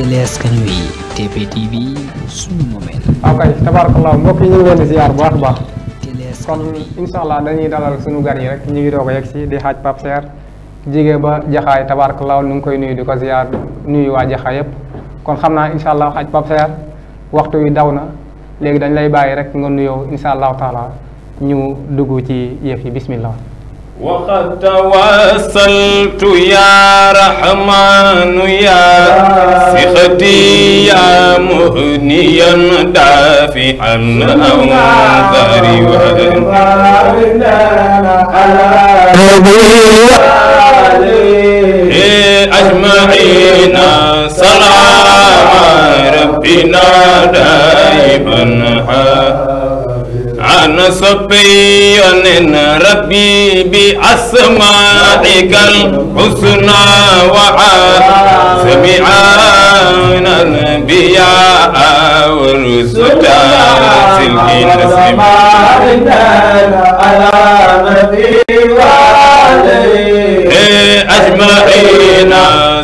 digtale askan wi TPTV suñu momeel waaw kay tabarakallah ñu ngi leen di bu baax a baax kon incha allah dañuy dalal suñu gar yi rek ñu ngi doog a yegg si di xaaj Pape Serre jigee ba jaxaay tabarakallah nu ngi koy nuyu di ko ziar nuyu waa jaxaay yëpp kon xam naa incha allah xaaj Pape Serre waxtu yi daw na léegi dañ lay bàyyi rek nga nuyoo incha allah taala ñu dugg ci yëf yi bismillah وقد توسلت يا رحمن يا سختي يا مهنيا دافعا انذري إيه اجمعين سلام ربنا دائما أنا صبي ربي بأسمائك الحسنى وعاسمعنا الأنبياء والرسلا سلكي تسليما على نبي وعليه أجمعين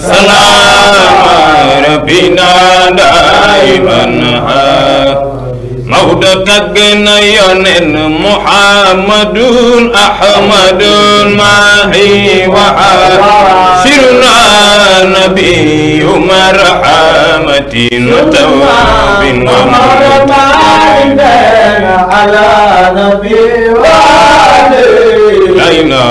سلام ربنا دائما عودة بنيان محمد أحمد معي وحد سيرنا نبي مرحمة تواب ومرد على نبي وعلي لينا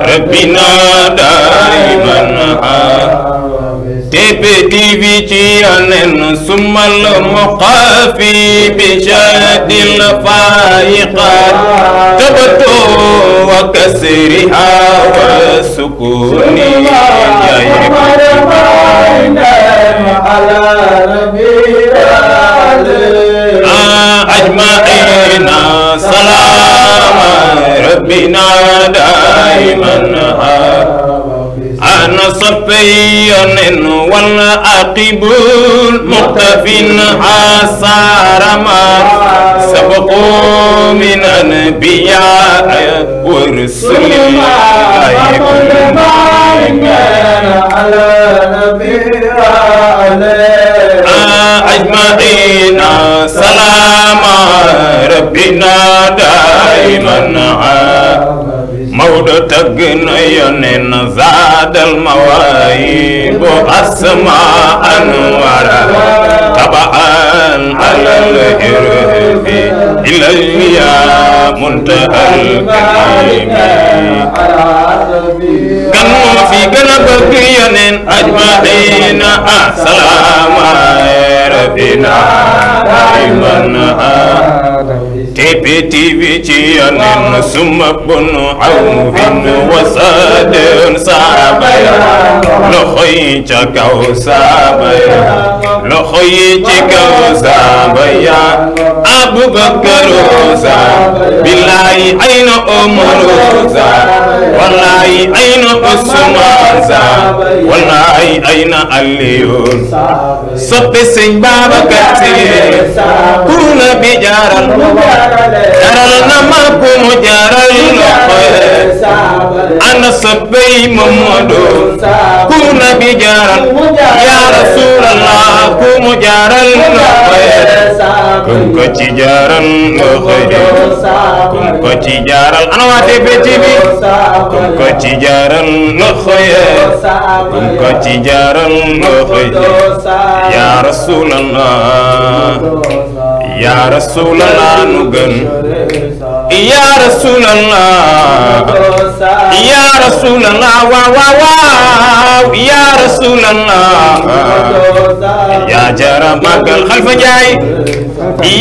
ربنا دائما تيب تيفي جيران ثم المقافي الفائقات تبتو وكسرها وسكون أجمعين سلام ربنا دائما صفي والعاقب المقتف حصار ما سبقوا من أنبياء ورسل كل ما على نبينا أجمعين سلام ربنا دائما عاد Maodo tagg na yoneen zaadal mawaayi bu asma anwara tabaan alal irfi ilayya muntahal kalimi kan moo fi gën a bëgg yoneen ajmaina asalaama ah, rabbina daiman تبتي بتيان ثم بن عوف وساد سابيا لخي تكو سابيا لخي تكو سابيا أبو بكر سابيا بالله أين أمر سابيا wallaay ay na Usmaan Saar wallaay ay na bi jaaral jaral na mu jaaral na xoye ana soppe yi Mamadu pour na bi jaaral yaa Rasuulallah ku mu jaaral na xoye na xoye jaaral ana waa TP TV kum ko rasulallah yaa rasulallah nu gën rasulallah yaa rasulallah waaw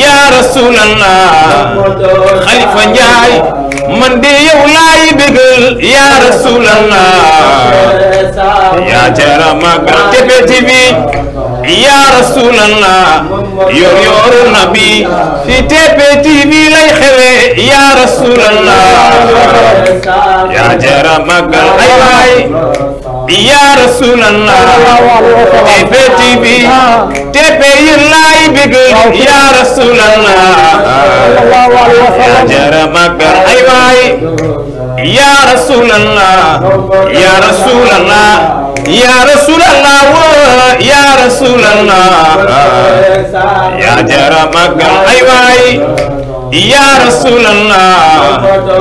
yaa rasulallah xalifa njaay man de yow laay bégal yaa rasulallah yaa jara magal tefeti bi yaa rasulallah yor yoru nabi fi tefeti bi lay xewe yaa rasulallah yaa jara magal ay waay yaa rasulallah Téfé TV Téfé yi laay bëgg yaa rasulallah yaa jara magal ay waay yaa rasulallah rasulallah yaa rasulallah woo yaa rasulallah yaa jara magal ay ya Rasulullah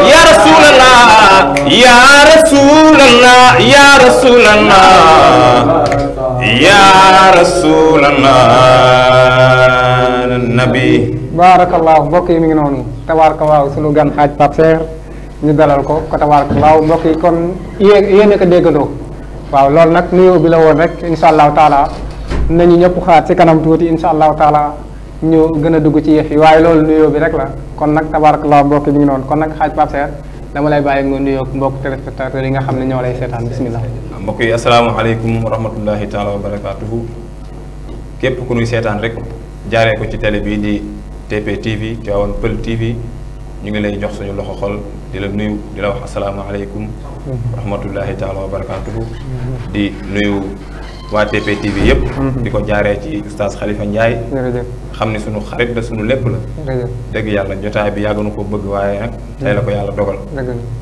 ya Rasulullah ya Rasulullah ya Rasulullah ya Rasulullah nabi barakallahu mbokk yi mi ngi noonu tabarakallahu sunu gan xaaj pap ser ñu dalal ko ko tabarakallahu mbokk yi kon yene ko deggalo waaw lool nak nuyoo bi la won rek inshallah taala nañu ñep xaar ci kanam tuuti inshallah taala ñu gën a dugg ci yëf yi waaye loolu nuyoo bi rek la kon nag tabaarakallaa mbokk mi ngi noonu kon nag xaaj Pape Serre dama lay bàyyi nga nuyoo mbokk téléspectateurs yi nga xam ne ñoo lay seetaan bisimilah. mbokk yi asalaamaaleykum wa rahmatullahi taala wa barakaatuhu képp ku nuy seetaan rek jaaree ko ci télé bii di TP TV Tivaouane Peul TV ñu ngi lay jox suñu loxo xol di la nuyu di la wax asalaamaaleykum. wa rahmatullahi taala wa barakaatuhu mm-hmm. di nuyu. waa TP TV yëpp. Mhm. di ko jaaree ci oustaz Khalifa Ndiaye. xam ni suñu xarit la suñu lépp la. dëgg yàlla jotaay bi yàgg nu ko bëgg waaye nag. tey la ko yàlla dogal.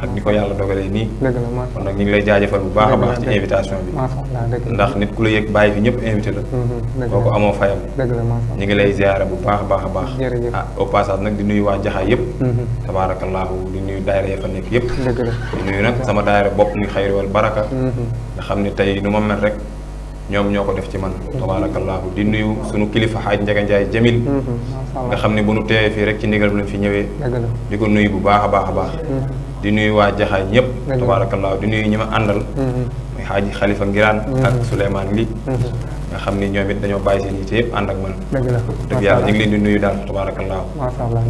ak ni ko yàlla dogalee nii. kon nag ñu ngi lay jaajëfal bu baax a baax invitation bi. ndax nit ku la yëg bàyyi fi ñëpp invité la. Mhm, kooku amoo fayam. ñu ngi lay ziare bu baax a baax a baax. ah au passage nag di nuyu waa Jaxaay yëpp. Mhm. tabaarakallaahu di nuyu daayira ya fa nekk yëpp. di nuyu nag sama daayira bopp muy xayriwal baraka. xam ni tey nu ma mel rek ñoom ñoo ko def ci man tabaarakallaahu di nuyu suñu kilifa xaaj Njaga Njaay Jamil mm-hmm. nga xam ne bu nu teewee fii rek ci ndigal bi lañ fi ñëwee di ko nuyu bu baax baax a baax mm-hmm. di nuyu waa jaxaay ñëpp tabaarakallaahu di nuyu ñi ma àndal mm-hmm. muy xaaji xalifa ngiraan ak Souleymane li nga xam ni ñoom it dañoo bàyyi seen yitte yëpp ànd ak man dëgg yàlla ñu ngi leen di nuyu daal tabaarakallaahu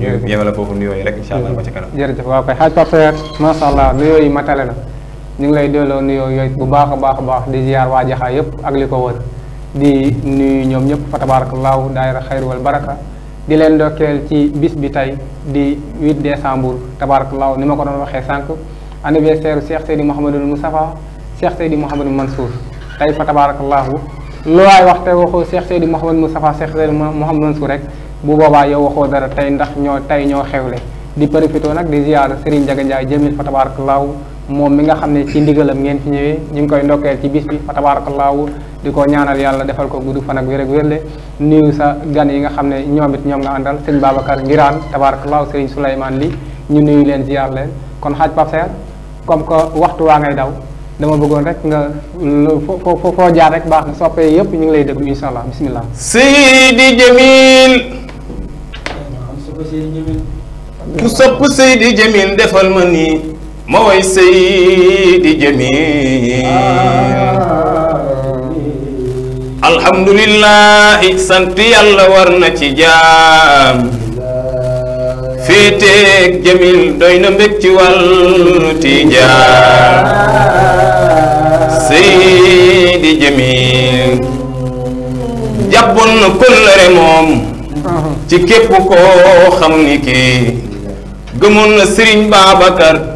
ñu yemale foofu nuyoo yi rek incha allah ba ci kanam jërëjëf waaw kay xaaj Pape Saer allah ñu ngi lay delloo nuyoo yooyu bu baax baax baax di ziar waa Jaxaay yëpp ak li ko wër di nuyu ñoom ñëpp fa tabaarakallaahu daayira xayru wal baraka di leen ndokkeel ci bis bi tey di 8 décembre tabaarakallaahu ni ma ko doon waxee sànq anniversaire Cheikh Seydi Mouhamadul Moustapha Cheikh Seydi Mouhamadul Mansour tey fa tabaarakallaahu lu waay wax te waxoo Cheikh Seydi Mouhamadul Moustapha Cheikh Seydi Mouhamadul Mansour rek bu boobaa yow waxoo dara tey ndax ñoo tey ñoo xewle di profité nag di ziar Serigne Ndiaga Ndiaye jëmil fa mom mi nga xam ci ndigalam ngeen fi ñëwee ñu ngi koy ndoké ci bis bi diko ñaanal yalla defal ko guddu fan ak wër ak wérle nuyu sa gan yi nga xam ne ñom nga andal sëñ babakar ngiran tabaarakallaahu sëriñ sulayman li ñu nuyu leen ziar leen kon xaj Pape Serre comme ko waxtu wa ngay daw dama bëggoon rek nga fo fo fo jaar rek baax na soppé yépp ñu ngi lay dégg inshallah bismillah bisimilah. Jamil. ku sopp Jamil defal ma ni mooy sayidi jamil alhamdulillahi sant yàlla war na ci jaam féeteeg jamil doy na mbég ci wàllu tijaam sayidi jamil jàppoon na kóllëre moom ci képp koo xam ni kii gëmoon na Sëriñ Babacar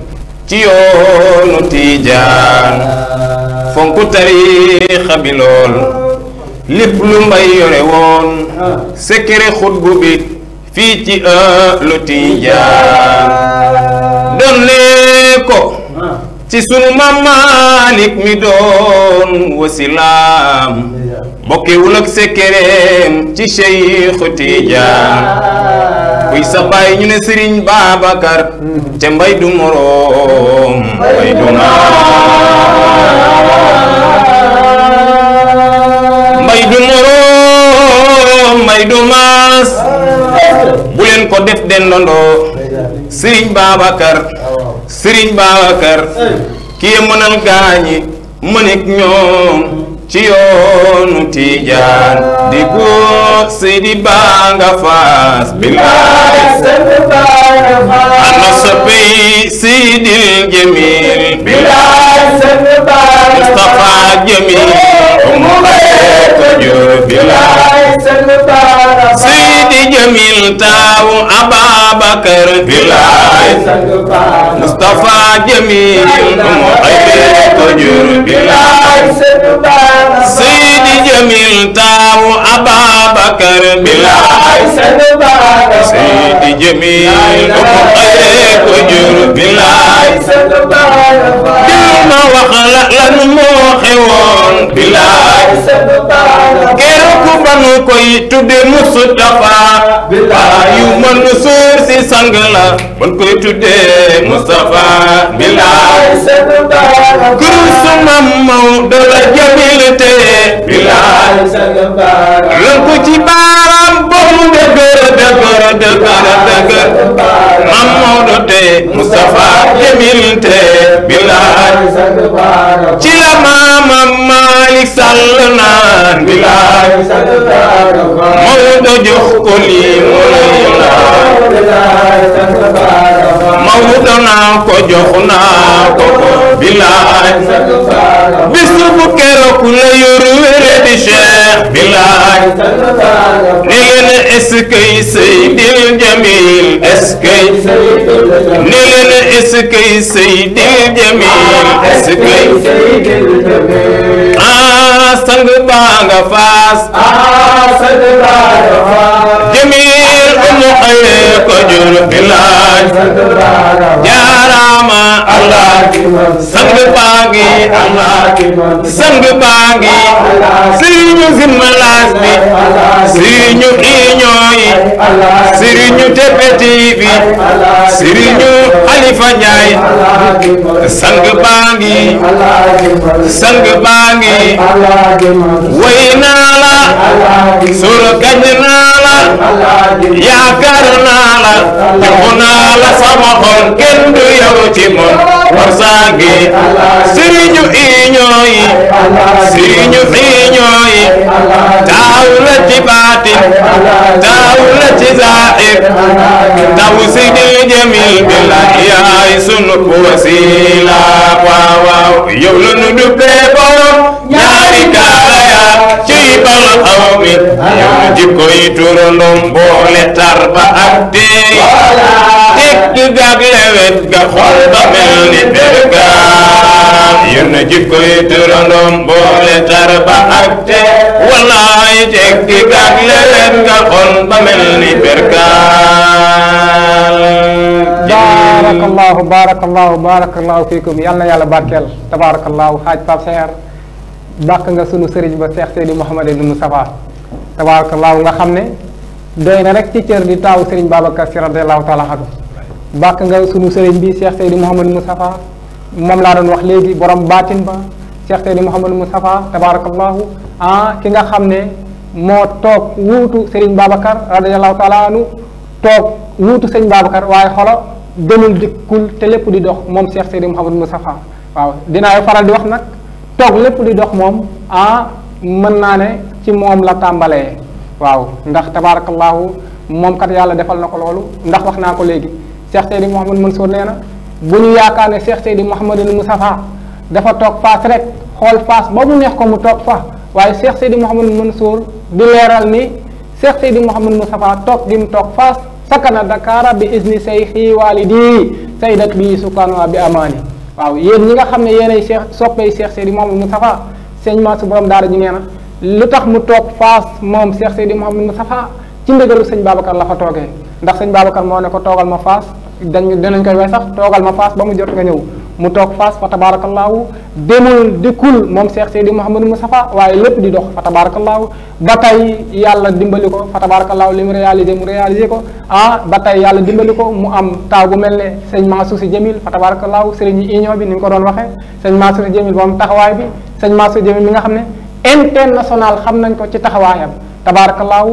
ci yoonu tiijaan fonku tariixa bi lool lépp lu mbay yore woon sekere xutbu bi fii ci ëllu tiijaan donnee ko ci sunu maam mi doon wasilaam bokkewul ak sekkereem ci Cheikh Tidiane kuy sa baay ñu ne Serigne Babacar te mbay du moroom mbay du maas mbay du moroom mbay du maas bu ko def dendandoo Serigne Babacar Serigne Babacar kii mënal gaañi mëneek ñoom ci yoonu Tijaan di Banga Sidi baa nga faas billaay ana soppey Sidil Jamil Mustafa Jami Seydi Jamil taawu Ababakar bilaay Mustafa Jamil mu xëyee ko jur bilaay Seydi Jamil taawu Ababakar bilaay Seydi Jamil mu xëyee ko jur bilaay ma wax la lan moo xewoon bilaay ba nu koy tudde Mustafa bilaay yu Mansuur si sang la ban koy tudde Mustafa bilaay kuru su mam maw dala jabilite bilaay lan ko ci baaram boo mu dëgër dëgër dëgër dëgër Mamadou te Moustapha Jamil te bilaay ci la maamam Malick Sall naan bilaay Maodo jox ko lii mu lay laaj Maodo naa ko jox naa ko ko bilaay bis bu keroog la yor wéré di Cheikh bilaay نلن اسكي سيد الجميل اسكي نلن اسكي سيد الجميل اسكي سيد الجميل آه سنگ بانگ فاس آه سنگ بانگ فاس جميل ye ko jur bilaay jaaraama allah sang baangi sang baangi sëriñu zimmalaas bi sëriñu iñooyi sëriñu tepeti bi sëriñu xalifa njaay sang baangi sang baangi way naa la sur gañ naa yaakaar naa la jox naa la sama xol kenn du yow ci moom war saa ngi sëriñu iñoo yi sëriñu iñoo yi taaw la ci baatin taaw la ci zaahir taw si jël jamil bi la yaay sunu wasiila waaw waaw yow la nu duppee borom ñaari gaa bal aw mi jikko yi turo ndom boole tarba ak dee tekki gag lewet ga xol ba mel ni bergaan iya, nah, yenn jikko yi turo ndom boole tarba ak dee wallaay tekki ga xol ba mel barakallahu barakallahu barakallahu fiikum yal yalla yàlla ya barkeel tabarakallahu xaaj Pape Seer bàkk nga sunu sëriñ ba Cheikh Seydi Mouhamadou Moustapha tabaarakallaahu nga xam ne doy na rek ci cër di taawu sëriñ Babacar Si radiyallaahu taala anhu bàkk nga sunu sëriñ bi Cheikh Seydi Mouhamadou Moustapha moom laa doon wax léegi borom baatin ba Cheikh Seydi Mouhamadou Moustapha tabaarakallaahu ah ki nga xam ne moo toog wuutu sëriñ Babacar radiyallaahu taala anhu toog wuutu sëriñ Babacar waaye xolo demul dikkul te lépp di dox moom Cheikh Seydi Mouhamadou Moustapha waaw dinaa faral di wax nag. toog lépp di dox moom ah mën naa ne ci moom la tàmbalee waaw ndax tabaarakallaahu moom kat yàlla defal na ko loolu ndax wax naa ko léegi Cheikh Seydi Mouhamad Mansour nee na bu ñu yaakaar ne Cheikh Seydi Mouhamadul Moustapha dafa toog faas rek xool faas ba mu neex ko mu toog fa waaye Cheikh Seydi Mouhamad Mansour di leeral ni Cheikh Seydi Mouhamad Moustapha toog gi mu toog faas sakana Dakar bi izni say xiiwaali di saydat bi sukaanwaa bi amaani waaw yéen ñi nga xam ne yéenay Cheikh soppey Cheikh Seydi Mouhamadou Moustapha sëñ Mansour borom daara ji nee na lu tax mu toog faas moom Cheikh Seydi Mouhamadou Moustapha ci ndigalu sëñ Babacar la fa toogee ndax sëñ Babacar moo ne ko toogal ma faas dañ danañ koy way sax toogal ma faas ba mu jot nga ñëw mu toog fas fa tabaarakallaahu demul dikkul moom Cheikh Seydi Mouhamadou Moustapha waaye lépp di dox fa tabaarakallaahu ba tey yàlla dimbali ko fa tabaarakallaahu li mu réalisé mu réalisé ko ah ba tey yàlla dimbali ko mu am taaw bu mel ne sëñ Mansour Sy Djamil fa tabaarakallaahu sëriñ union bi ni ñu ko doon waxee sëñ Mansour Sy Djamil moom taxawaay bi sëñ Mansour Sy Djamil mi nga xam ne international xam nañ ko ci taxawaayam tabaarakallaahu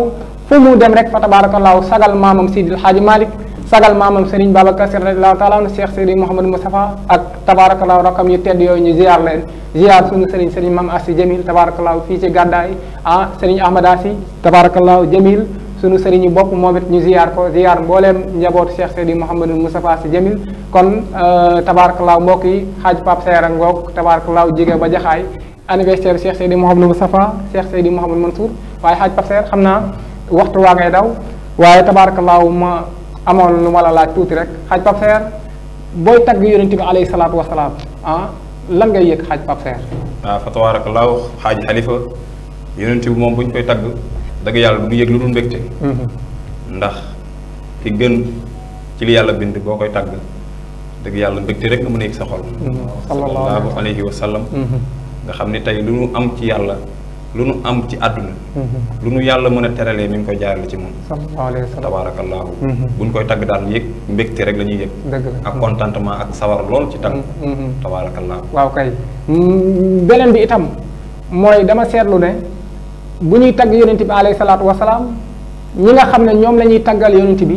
fu mu dem rek fa tabaarakallaahu sagal maamam Sidil Hadji Malick sagal maamam Serigne Babacar Sy radiyallahu taala anhu Cheikh Serigne Mouhamadou Moustapha ak tabaarakallaahu rakkam yu tedd yooyu ñu ziar leen ziar suñu Serigne Serigne Mame Assi Jamil tabaarakallaahu fii ci gàddaay ah Serigne Ahmada Sy tabaarakallaahu Jamil sunu sëriñu bopp moom ñu ziyaar ko ziyaar mbooleem njabootu Cheikh Seydi Mouhamadou Moustapha Sy Jamil kon euh, tabaarakallaahu mbokk yi xaaj Pape Seyra ngoog tabaarakallaahu jige ba jaxaay anniversaire Cheikh Seydi Mouhamadou Moustapha Cheikh Seydi Mouhamadou Mansour waaye xaaj Pape Seyra xam naa waxtu waa ngay amoon lu ma la laaj tuuti rek xaj Pape Fer booy tagg yonent bi alayhi salaatu wasalaam ah lan ngay yëg xaj Pape Fer waaw fa xaaj xalifa yonent bi moom bu ñu koy tagg dëgg yàlla du yëg lu dul mbégte mm-hmm. ndax ki gën ci li yàlla bind boo koy tagg dëgg yàlla mbégte rek nga mën a yëg sa xol mm-hmm. sallallahu alayhi wa sallam mm-hmm. nga xam ni tey lu ñu am ci yàlla lu nu am ci àdduna mm-hmm. lu nu yàlla mën a teralee mi ngi koy jaarale ci moom tabaarakallaahu mm-hmm. buñ koy tagg daal yëg mbégte rek la ñuy yëg ak contentement ak sawar lool ci tagg mm-hmm. tabaarakallaahu waaw kay beneen bi itam mooy dama seetlu ne bu ñuy tagg yonent bi alayhi salaatu wasalaam ñi nga xam ne ñoom lañuy ñuy taggal yonent bi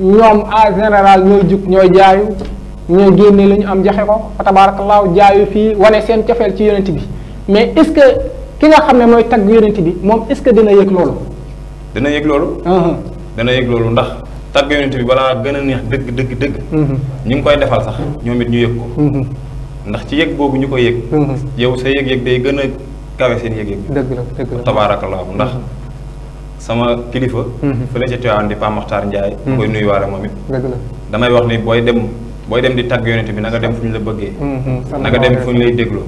ñoom a général ñooy jug ñooy jaayu ñooy génne lañu am joxe ko fa tabaarakallaahu jaayu fii wane seen cofeel ci yonent bi mais est ki nga xam ne mooy tagg yonent bi moom est-ce que dina yëg loolu. dina yëg loolu. Uh-huh. dana yëg ndax tagg yonent bi balaa gën a neex dëgg dëgg dëgg. Uh-huh. ñu ngi koy defal sax ñoom it ñu yëg ko. Uh-huh. ndax ci yëg boobu ñu koy yëg. yow sa yëg-yëg day gën a kawe seen yëg-yëg. dëgg la dëgg la tabaarakallaahu ndax sama kilifa. fële ca Tiwaawan di Paa Maxtaar Ndiaye. koy nuyuwaale moom it. dëgg la damay wax ni booy dem booy dem di tagg yonent bi nanga dem fu ñu la bëggee. na nga dem fu ñu lay dégloo.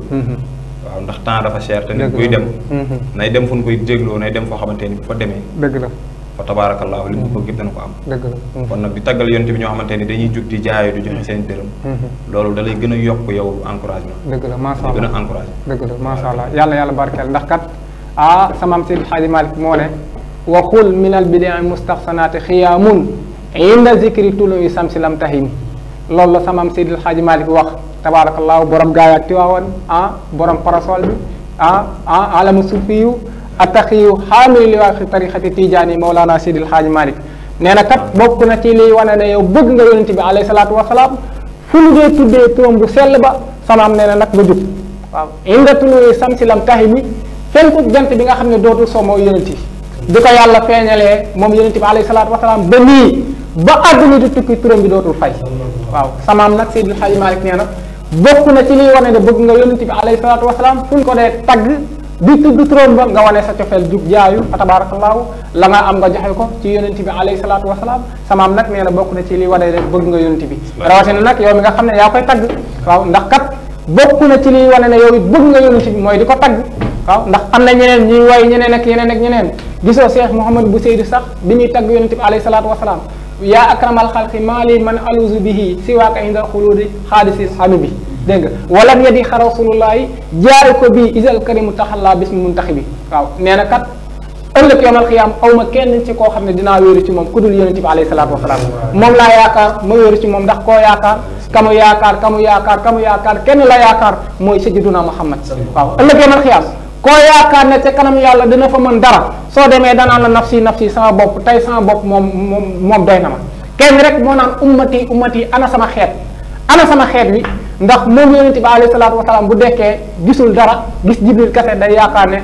waaw ndax temps dafa cher te nit kuy dem mhm. nay dem fu ñu koy jégloo nay dem foo xamante ni bu fa demee dëgg la fa tabaarakallaahu li mu mhm. bëgg yëpp dana ko am dëgg la mhm. kon nag di taggal yonent bi ñoo xamante ni dañuy jug di jaayoo di joxe seen dërëm loolu da lay gën a yokk yow encouragement dëgg la macha allah gën a encouragé dëgg la macha yàlla yàlla barkeel ndax kat ah samaam Seydi Xaaji Malik moo ne wa qul min al bidai mustaxsanaati xiyaamun inda zikri tulu yi samsi lam tahim loolu la samaam Seydi Xaaji Malik wax tabaarakallaahu borom gaay ak tiwaawan ah borom parasol bi ah ah alamu sufiyu attaxiyu xaamili li waaxi tarixati tijaani mawlaana sidil xaaji malik nee na kat bokk na ci liy wane ne yow bëgg nga yonent bi alayhi salaatu wasalaam fu ñu dee tuddee turam bu sell ba samaam nee na nag nga jub waaw inda tuluyi samsi lam taxi bi fenku jant bi nga xam ne dootul soo mooy yonent yi di ko yàlla feeñalee moom yonent bi alayhi salaatu wasalaam ba nii ba àdduna di tukki turam bi dootul fay waaw samaam nag Seydil Xaaji Malik nee na bokk na ci liy wane ne bëgg nga yonent bi alayhi salaatu wasalaam fu ñu ko dee tagg di tudd turam ba nga wane sa cofeel jug jaayu tabaarakallaahu la nga am nga joxe ko ci yonent bi alayhi salaatu wasalaam samaam nag nee na bokk na ci liy wane ne bëgg nga yonent bi rawatina nag yow mi ne yaa koy tagg waaw ndax kat na ci liy wane bëgg nga yonent bi mooy di ko tagg waaw ndax am na ñeneen ñuy way ñeneen ak yeneen ak ñeneen gisoo Cheikh Mouhamad bu Seydi sax bi ñuy tagg yonent bi alayhi salaatu wasalaam yaa akramal xalqi maali man aluzu bihi siwaaka indal xuluudi xaadisi xamibi dégg nga wala yadi xa rasulullahi jaare ko bii isal karimu taxallaa bis mu tax bi waaw nee na kat ëllëg yomal xiyaam aw ma kenn ci koo xam ne dinaa wéeru ci moom ku dul yonente bi alayhi salaatu wasalaam moom laa yaakaar ma wéeru ci moom ndax koo yaakaar kamu yaakaar kamu yaakaar kamu yaakaar kenn la yaakaar mooy sajiduna Muhammad waaw ëllëg yomal xiyaam koo yaakaar ne ca kanam yàlla dina fa mën dara soo demee danaan la nafsi nafsi sama bopp tey sama bopp moom moom moom doy na ma kenn rek moo naan ummati ummati ana sama xeet ana sama xeet wi ndax moom yonente bi alayhi salaatu wa bu dekkee gisul dara gis jibril kase day yaakaar ne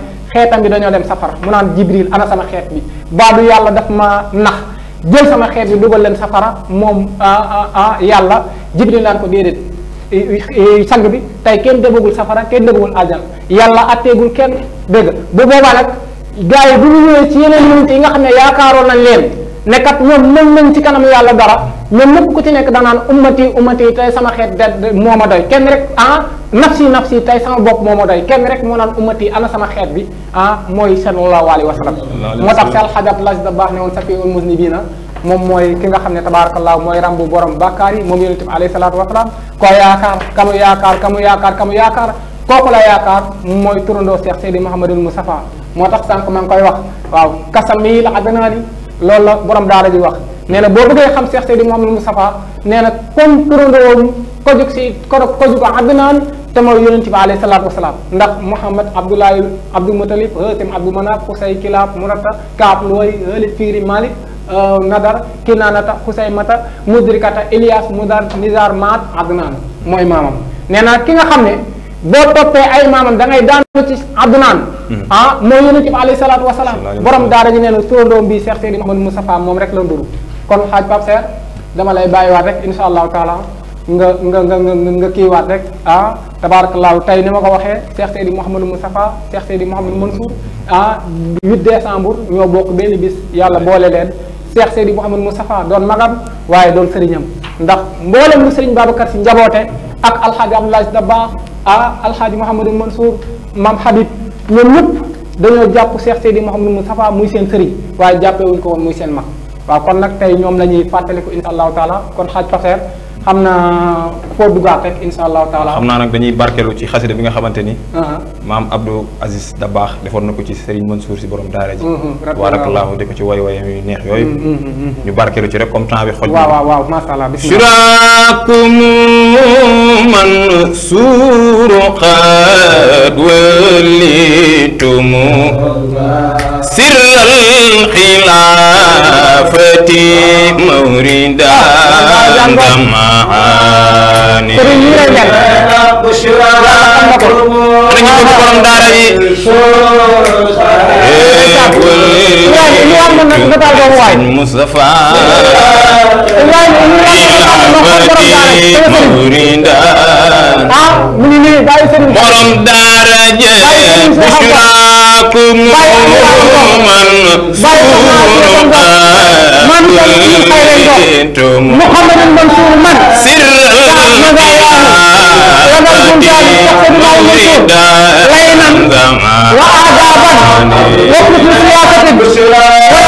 bi dañoo dem safara mu naan jibril ana sama xeet bi baadu yàlla dafa ma nax jël sama xeet bi dugal leen safara moom ah, ah, ah, yàlla jibril naan ko déedéet sag bi tey kenn demagul safara kenn demagul ajal yàlla atteegul kenn dégg bu boobaa nag gars yi bu ñu ñëwee ci yeneen yonent yi nga xam ne yaakaaroon nañ leen ne kat ñoom mën nañ ci kanam yàlla dara mais mëpp ku ci nekk danaan ummati ummati tey sama xeet de moo doy kenn rek ah nafsi nafsi tey sama bopp moo ma doy kenn rek moo naan ummati ana sama xeet bi ah mooy sallallahu alayhi wa sallam moo tax sel xajab las baax ne woon safi ul ah, mooy ki nga xam ne tabaarakallaahu mooy rambu borom bàkkaar yi moom yonent bi alayhi salaatu wasalaam ko yaakaar kamu yaakaar kamu yaakaar kamu yaakaar kooku la yaakaar mooy turandoo Cheikh Seydi Mouhamadul Moustapha moo tax sànq maa ngi koy wax waaw kasamil adanaani loolu la daa daara ji wax nee na boo bëggee xam Cheikh Seydi Mouhamadou Moustapha nee na comme turandoom ko jóg si ko ko jóg Adnaan te mooy yonent a alayhi salaatu wasalaam ndax Mouhamad Abdoulaye Abdou Moutalib Haatim Abdou Manaaf Xusay Kilaab Murata Kaab Looy Haalit Fiiri Malik euh, Nadar Kinaanata Xusay Mata Mudrikata Ilias Mudar Nizar Maat Adnaan mooy maamam nee na ki nga xam ne boo toppee ay maamam da ngay daanu ci addunaan hmm. ah mooy yonent bi alayhi salaatu wa salaam borom daara ji nee na turandoom bii Cheikh Seydi Mouhamadou Moustapha moom rek la nduru kon xaaj Pape Cheikh dama lay bàyyiwaat rek insha allahu taala nga nga nga nga kiiwaat rek ah tabaarakallaahu tey ni ma ko waxee Cheikh Seydi Mouhamadou Moustapha Cheikh Seydi Mouhamadou Mansour ah 8 décembre ñoo bokk benn bis yàlla boole leen Cheikh Seydi Mouhamadou Moustapha doon magam waaye doon sëriñam ndax mboolem lu sëriñ Babacar si njaboote ak alxaaji ah alxaaji Mouhamadou Mansour maam Habib ñoom ñëpp dañoo jàpp Cheikh Seydi Mouhamadou Moustapha muy seen sëriñ waaye jàppee wuñ ko woon muy seen mag waaw kon nag tey ñoom la ñuy fàttaliku incha allahu taala kon xaaj Pape xamna naa foo duggaat rek inshallah taala. xamna nak dañuy barkelu ci xasida bi nga xamanteni maam Abdou Aziz Dabaax defoon na ko ci Serigne Mansour ci borom daara ji. tabaarakallaahu mhm, di ko ci way way yu neex yoy mhm, mhm, ñu barkelu ci rek comme temps bi xol wa wa wa ma sha allah bisimilah. man suuru qad walitum sirral khilafati mawrida dama ah, ah, ah, معاني مصطفى مريدا borom daara je أراكم من سوء ما محمد منصور من سر وآدابا وقلت سياسة بشرى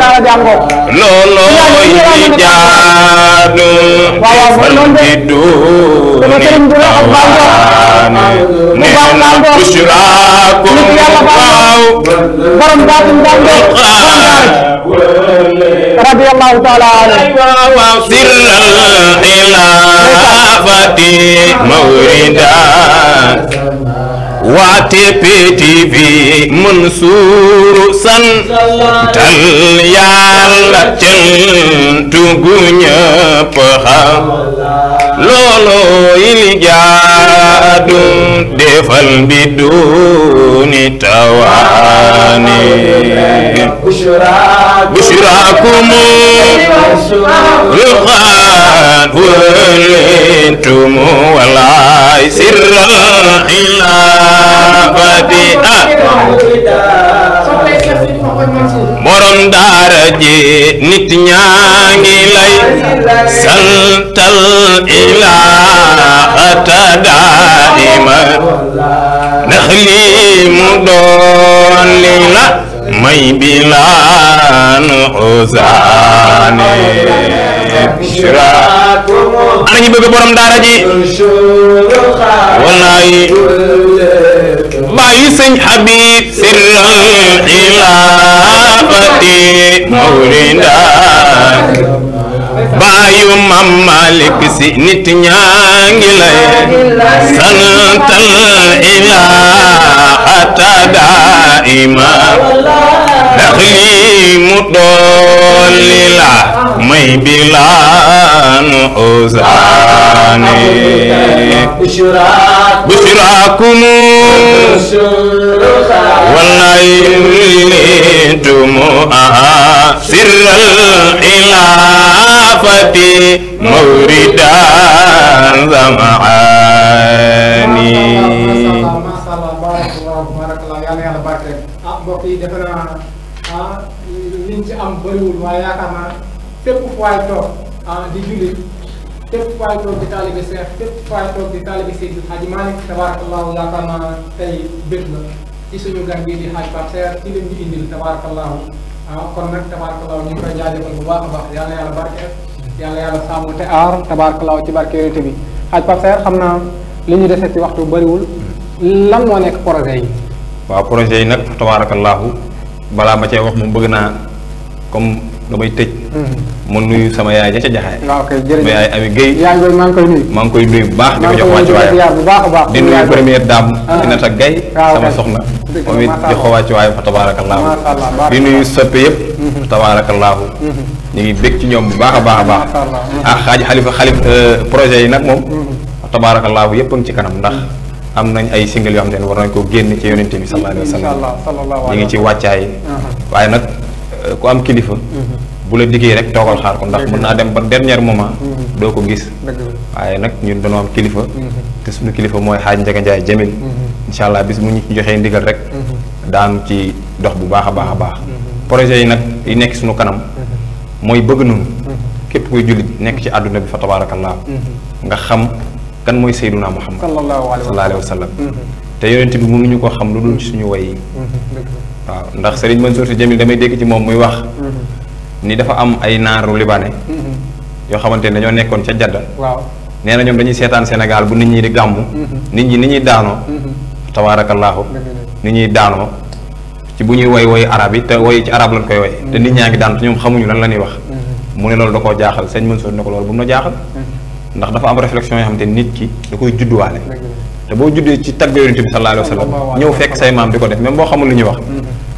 daara jàngoo. looloo yi jaadu. waaw waaw noonu de. dama sëriñ bi la ak Baye Ngor. mu baax Baye Ngor. nit yàlla baax borom baatin daan de. radiyallahu taala anhu. sirral ilaafati mawrida waa TPTV Mansour Sane tal yàlla cantu gu ñëpp xam loolo ili jaadu defal bi duni tawaani bushraakum ruqaan wëlintum walaay sirra ilaa fatiha ah. borom daara ji nit ñaa ngi lay santal ilaaha ta daima ndax lii mu doon li la may bilaan usaane ana ñu bëgg borom daara ji wallaay bàyyi sëñ Habib sirran baayu mam si nit ñaa ngi lay ilaa xata daima تقييم طللا مي بلان أوزاني بشراكم والنيلتم سر الإلافة موردا زمعاني ah mbokk yi defe naa ah liñ ci am bëriwul waaye yaakaar naa fépp fu toog ah, di jullit fépp fu toog di taalibe Seex fépp toog di taalibe Seydi Hadji Malick tabaarakallaahu yaakaar naa tey bég la ci suñu gan gi di Hadj Pape Serre ci lim ñu indil tabaarakallaahu ah kon nag tabaarakallaahu ñu ngi koy jaajëfal bu baax a baax yàlla yàlla barkeel yàlla yàlla sàmm te aar tabaarakallaahu ci barke yonent bi Hadj Pape Serre xam naa li ñu defee ci waxtu bëriwul lan moo nekk projet yi. waaw projet yi nag tabaarakallaahu balaa ma cee wax moom bëgg naa comme nga may tëj. Mm-hmm. ma nuyu sama yaay ja ca jaxaay. waaw kay ma yaay Ami Guèye. maa ngi koy nuyu. maa ngi koy nuyu bu baax di ko jox wàccuwaayam bu baax a baax. di nuyu première dame. Aminata ah. Gaye ah, sama soxna. moom it jox ko wàccuwaayam fa tabaarakallaahu. di nuyu soppe yëpp. Mm-hmm. tabaarakallaahu. Mm-hmm. ñu ngi bég ci ñoom bu baax a baax a baax. ah xaaj xalifa xalif euh, projet yi nag moom. tabaarakallaahu yëpp a ci kanam ndax am nañ ay single yo xamanteni war nañ ko génn ci yonente bi sallallahu alayhi wasallam inshallah sallallahu alayhi ngi ci waccay waye nak eh, ku am kilifa mhm. bu la diggé rek togal xaar ko ndax mën naa dem ba dernier moment mhm. do ko gis waye nak ñun dañu am kilifa mhm. te suñu kilifa moy haaj ndega ndjay Jamil inshallah bis mu ñi ci joxé ndigal rek daam ci dox bu baaxa baaxa baax projet yi nak yi nekk suñu kanam moy bëgg nunu képp koy julit nekk ci aduna bi fa tabarakallah nga xam kan mooy Seydunaa Muhammad sallallahu alayhi wa sallam mm-hmm. te mu bi mënuñu ko xam lu dul ci suñu way yi mm-hmm. waaw ndax Serigne Mansour Sy Djamil damay dégg ci moom muy wax mm-hmm. ni dafa am ay naaru libaane yoo xamante ne dañoo nekkoon ca Jadda waaw nee na ñoom dañuy seetaan Sénégal bu nit ñi di gàmm nit ñi ni ñuy daanoo tabaarakallaahu nit ñuy daanoo ci bu ñuy woy woy arab yi te woy ci arab lañ koy woy te nit ñaa ngi daan te ñoom xamuñu lan la ñuy wax mu ne loolu da koo jaaxal sëñ Mansour ne ko loolu bu mu jaaxal ndax dafa am réflexion yoo xam te nit ki da koy judduwaale te boo juddee ci tagg yonent bi sallallahu alayhi wa sallam ñëw fekk say maam di ko def même boo xamul lu ñuy wax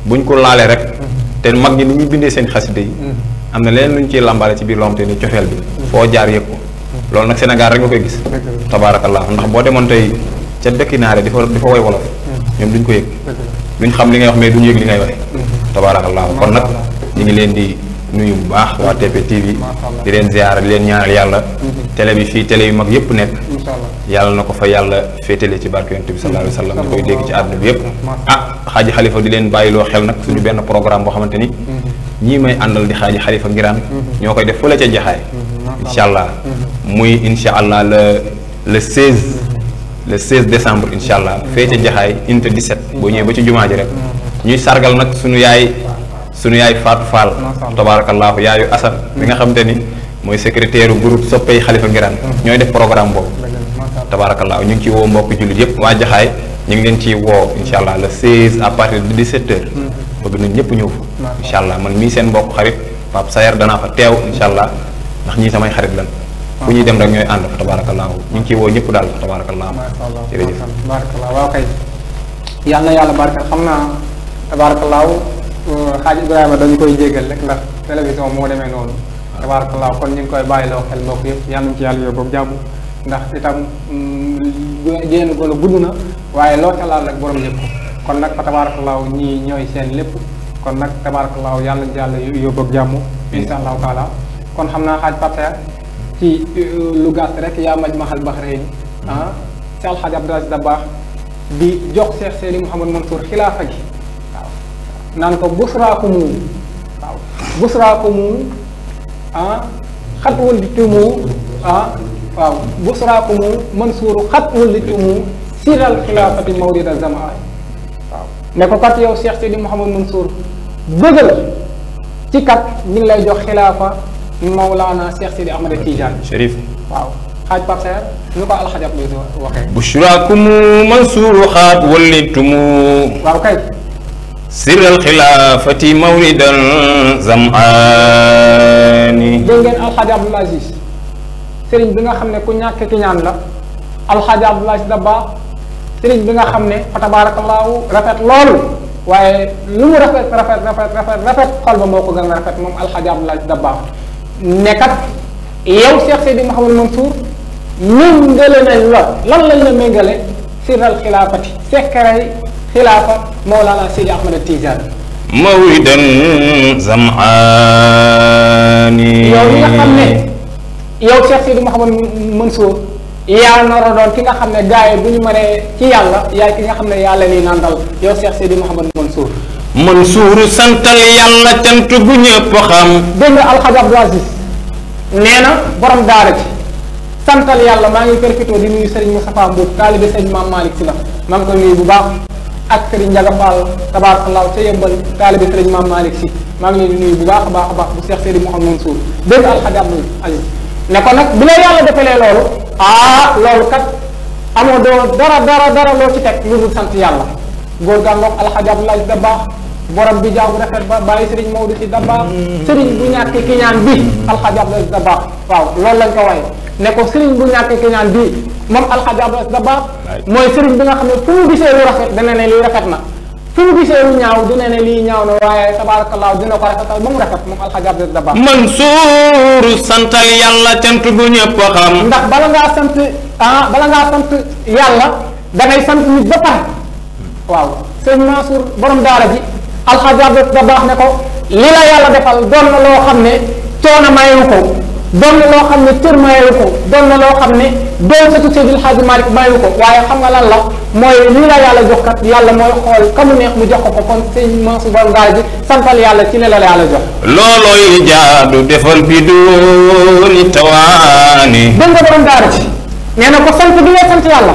buñ ko laalee rek te mag ñi ni ñuy bindee seen xasida yi am na leen lu ñu ciy làmbaale ci biir loo xam te ni cofeel bi foo jaar yëg ko loolu nag Sénégal rek nga koy gis tabaarakallah ndax boo demoon tey ca dëkki naare di fa di fa woy wolof ñoom duñ ko yëg duñ xam li ngay wax mais duñu yëg li ngay wax tabaarakallah kon nag ñu ngi leen di nuyu bu baax waa TP TV di leen ziyaara leen ñaanal yàlla télé bi fii tele yu mag yëpp nekk yàlla na ko fa yàlla féetale ci barke yonent bi sallallahu alayhi wasallam ñu koy dégg ci àdduna bi yëpp ah xaaji xalifa di leen bàyyiloo xel nag suñu mm-hmm. benn programme boo xamante ni mm-hmm. ñii may àndal di xaaji xalifa ngiraan mm-hmm. ñoo koy def fële ca jaxaay incha allah muy incha allah le le 16 le 16 décembre incha allah fee ca jaxaay inte 17 boo ñëwee ba ci jumaa ji rek ñuy sargal nag suñu yaay suñu yaay Fatou Fall tabaarakallaahu yaayu Assane bi nga xamante ni mooy secrétaire groupe soppay xalifa ngiraan mm. ñooy def programme boobu tabaarakallaa ñu ngi ci woo mbokk jullit yëpp waa jaxaay ñu ngi leen ci woo incha allah le 16 à partir de 17 heures mm. bëgg nañ ñëpp ñëw fa incha allah man mii seen mbokk xarit Pape Sayar danaa fa teew incha ndax ñii samay xarit lan fu ñuy dem rek ñooy ànd fa tabaarakallaahu ñu ngi ciy woo ñëpp daal fa tabaarakallaahu jërëjëf tabaarakallaahu waaw kay yàlla na yàlla barkal xam naa tabaarakallaahu xaaj Ibrahima dañu koy jéggal rek ndax télévision moo demee noonu tabaarakallaa kon ñu ngi koy bàyyiloo xel mbokk yëpp yal nañu ci yàlla yóbbu ak jàmm ndax itam mm, génn ko la gudd na waaye loo ca laal rek borom yëpp kon nag fa tabaarakallaa ñii ñooy seen lépp kon nag tabaarakallaa yàlla nañu ci yàlla yóbbu ak jàmm insha allahu taala kon xam naa xaaj parteer ci euh, lu gàtt rek yaa maj maxal baxreen ah si alxaaj Abdul Aziz Dabaax di jox Seex Seeni Mouhamad Mansour xilaafa gi waaw naan ko ko busraakumu waaw busraakumu ah xat wal di tumu ah waaw busraakumu mansuuru xat wal di tumu siral xilaafati mawrida zamaan waaw ne ko kat yow Cheikh Sidi Mouhamad Mansour bëgg la ci kat ñu ngi lay jox xilaafa Mawlaana Cheikh Sidi Ahmed Tidiane Chérif waaw xaaj par seer ñu ko alxajab bi waxee busraakumu mansuuru xaat wal di tumu waaw kay sir al xilaafati mawlidan zamani. jengen Al alxaaji abdul aziz sëriñ bi nga xam ne ku ñàkk ki ñaan la alxaaji abdul aziz Dabakh sëriñ bi nga xam ne fa tabaarakallaahu rafet loolu waaye lu mu rafet rafet rafet rafet rafet xol ba moo ko gën a rafet moom alxaaji abdul aziz Dabakh nekat yow Cheikh sidi Mouhamadou Mansour méngale nañ la lan lañ la sir al xilaafati xilaafa Mawlana Seydi Ahmada Tidiane. Mawidan Zam'aani. yow li nga xam ne yow Cheikh Sidi Mouhamad Mansour yaa naroon ki nga xam ne gars yi bu ñu mënee ci yàlla yaay ki nga xam ne yàlla nii naan dal yow Cheikh Sidi Mouhamad Mansour. Mansour santal yàlla cant bu ñëpp xam. dégg nga Alxaji Abdou Aziz na borom daara ci santal yàlla maa ngi profité di nuyu Serigne Moustapha Mbour taalibe Serigne Mame Malick Sy la maa ngi nuyu bu baax. ak sëriñ Ndiaga Fall tabaarakallaahu sa yëmbal taalibi sëriñ Maam Malick si maa ngi nuyu bu baax a baax a baax bu Seex Seydi Mouhamed Mansour dégg alxaji Abdul Ali ne ko nag bu la yàlla defalee loolu ah loolu kat amoo doo dara dara dara loo ci teg lu dul sant yàlla góor gaa ngoog alxaji Abdul da baax borom bi jaaw bu rafet ba bàyyi sëriñ Maodo si da baax mm. sëriñ bu ñàkk ki ñaan bi alxaji Abdul Ali da baax waaw loolu lañ ko waye ne ko sëriñ bu ñàkkee ki ñaan bii moom alxaji abdoulaye baax mooy sëriñ bi nga xam ne fu mu gisee lu rafet dana ne lii rafet na fu mu gisee lu ñaaw dina ne lii ñaaw na waaye tabaarakallaahu dina ko rafetal ba mu rafet moom alxaji abdoulaye da baax Mansour santal yàlla cant bu ñëpp xam ndax bala ngaa sant ah bala ngaa sant yàlla da sant nit ba pare waaw sëñ Mansour borom daara ji alxaji abdoulaye da baax ne ko li la yàlla defal doon na loo xam ne coono mayu ko doon na loo xam ne cër mayewu ko doon na loo xam ne doon sa ci Seydil Hadji Malick ko waaye xam nga lan la mooy lii la yàlla jox kat yàlla mooy xool ka mu neex mu jox ko ko kon sëñ Mansour Borom Daara ji santal yàlla ci ne la yàlla jox. loolooy jaadu defal bi dooni tawaani. dégg nga Borom Daara ji nee na ko sant bi nga sant yàlla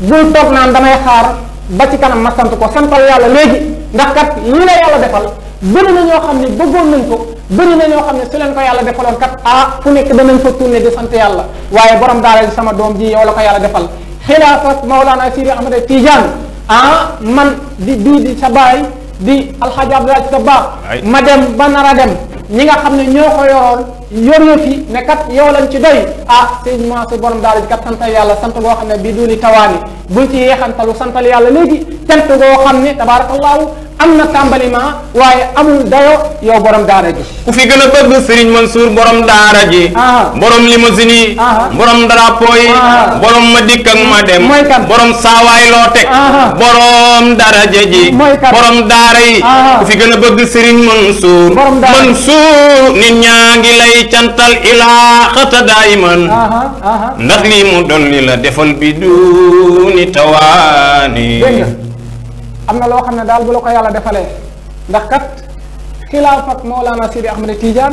bul toog naan damay xaar ba ci kanam ma sant ko santal yàlla léegi ndax kat lii la yàlla defal bëri na ñoo xam ne bëggoon nañ ko. bëri na ñoo xam ne su leen ko yàlla defaloon kat ah fu nekk danañ fa tourné di sant yàlla waaye borom daara sama doom ji yow la ko yàlla defal xilaafa Mawlana Sidi Ahmed Tidiane ah man di di di sa baay di alxaaji Abdoulaye sa baax ma dem ba nar a dem ñi nga xam ne ñoo ko yoroon yor fi ne kat yow lañ ci doy ah sëñ Mansour borom daara ji kat santal yàlla sant goo xam ne bii du ni tawaani buñ ci yeexantalu santal yàlla léegi cant goo xam ne tabaarakallaahu am na tàmbaliment waaye amul dayo yow borom daara ji ku fi gën a bëgg Serigne Mansour borom daara ji borom limousine yi borom drapeau yi borom ma dikk ak ma dem borom saawaay loo teg borom daraja ji borom daara yi ku fi gën a bëgg Serigne Mansour Mansour nit ñaa ngi lay cantal ilaa xata daayiman ndax lii mu doon li la defal bi du tawaani am na loo xam ne daal bu la ko yàlla defalee ndax kat xilaaf ak Mawlana am na tiijaan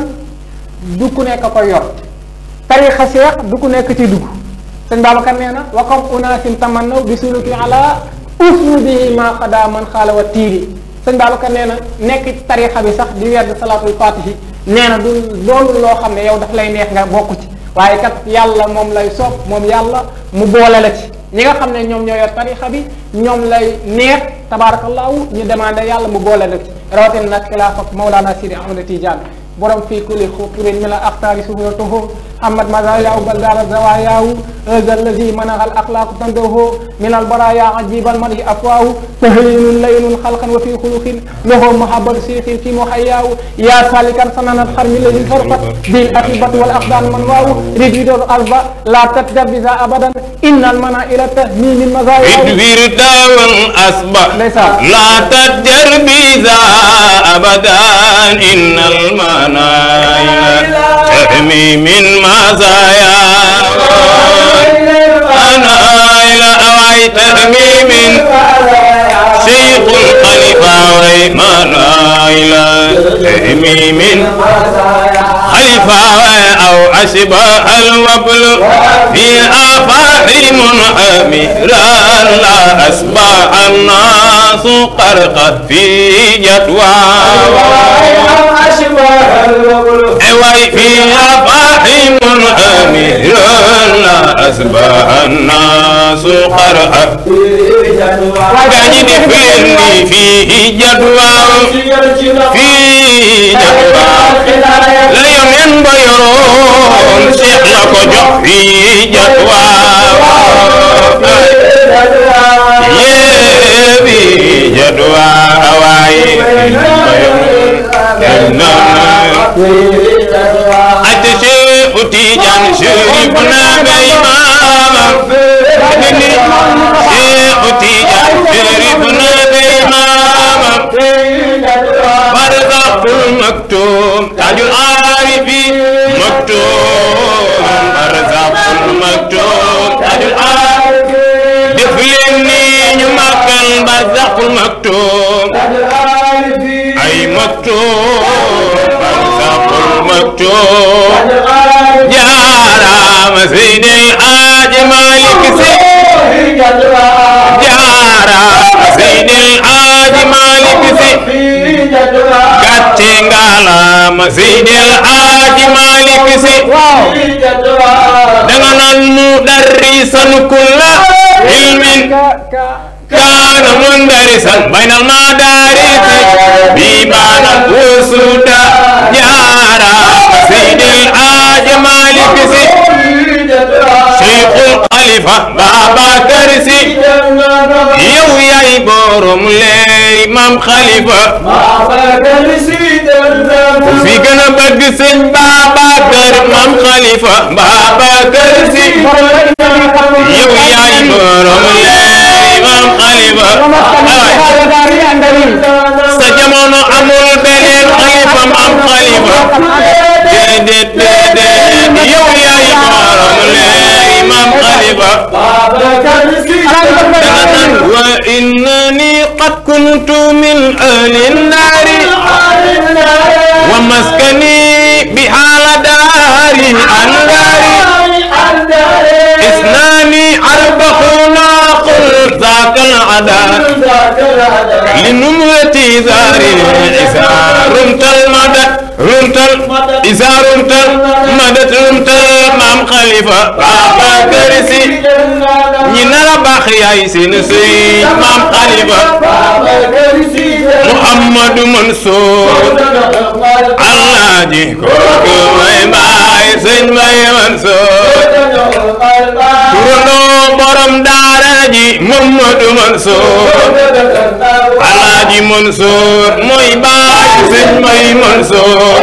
du ku nekk koy yor tarixa seex du ku nekk ci dugg sëñ ka nee na wa kam unaasin tamannaw bi suluki ala uslubihi ma qada man xaala wa sañ sëñ Babacar nee na nekk ci tarixa bi sax di wedd salaatul fatihi nee na du loo xam ne yow daf lay neex nga bokk ci waaye kat yàlla moom lay soob moom yàlla mu boole la ci ñi nga xam ne ñoom ñoo yor tarixa bi ñoom lay neex tabaarakallaahu ñu demandé yàlla mu boole na ci rawatina nag xilaafa Mawlana Sidi Ahmad Tidiane borom في كل خطر من الأخطار aqtari محمد مزايا وبلدار بلدار الزوايا هذا الذي منغ الاخلاق تنده من البرايا عجيب المرء افواه تهين لين خلقا وفي خلق له محبة سيخ في محياه يا سالكا صنان الحرم الذي فرقت بالاخبة والاقدام من واو رجل الارض لا تكذب بذا ابدا ان المنائل تهمي من المزايا ورد من اصبح لا تكذب بذا ابدا إن المنايل تحمي من مزايا أنا إلى أوعي تحمي من مزايا شيخ الخليفة ريمان إلى إمي من خليفة أو أشبه الوبل في آفاق منعمران لا أصبح الناس قرق في جدوى أي في آفاق منعمران لا أصبح الناس قرق في جدوى فيه جدوى فيه جدوى ليمين بيرون سيحنا كجو فيه جدوى يبي جدوى هواي أتشي أتيجان شريفنا بإمامة مكتوم تاج العارفين مكتوم أرزاق المكتوم تاج العارفين دفلني نمكن برزاق المكتوم تاج العارفين أي مكتوم برزاق المكتوم يا رام زين الحاج مالك سيد يا رام زين الحاج مالك سيد ci ngalam sidil aaji malik si danga naan mu darrisan kulla ilmin kaana mundarisan baynal madarisi bi baana usuda jaara sidil aaji malik si cheikhul xalifa babakar si yow yaay borom leen muy maam xalifa ku fi gën a bëgg sëñ Babacar maam xalifa Babacar Si yow yaay borom leeri maam xalifa sa jamono amul beneen xalifa maam xalifa وإنني قد كنت من أهل النار ومسكني بها لدار أنداري إثنان أربعون قل ذاك العذاب لنمرتي زاري إذا رمت المدد رمت إذا رمت مدد رمت مام خليفة بابا كرسي ñi nara baax yaay seen sëy maam Xalifa Muhammadu Mansour Alaaji kooku may baay sëñ Mbay Mansour turandoo borom daara ji Muhammadu Mansour Alaaji Mansour mooy baay sëñ Mbay Mansour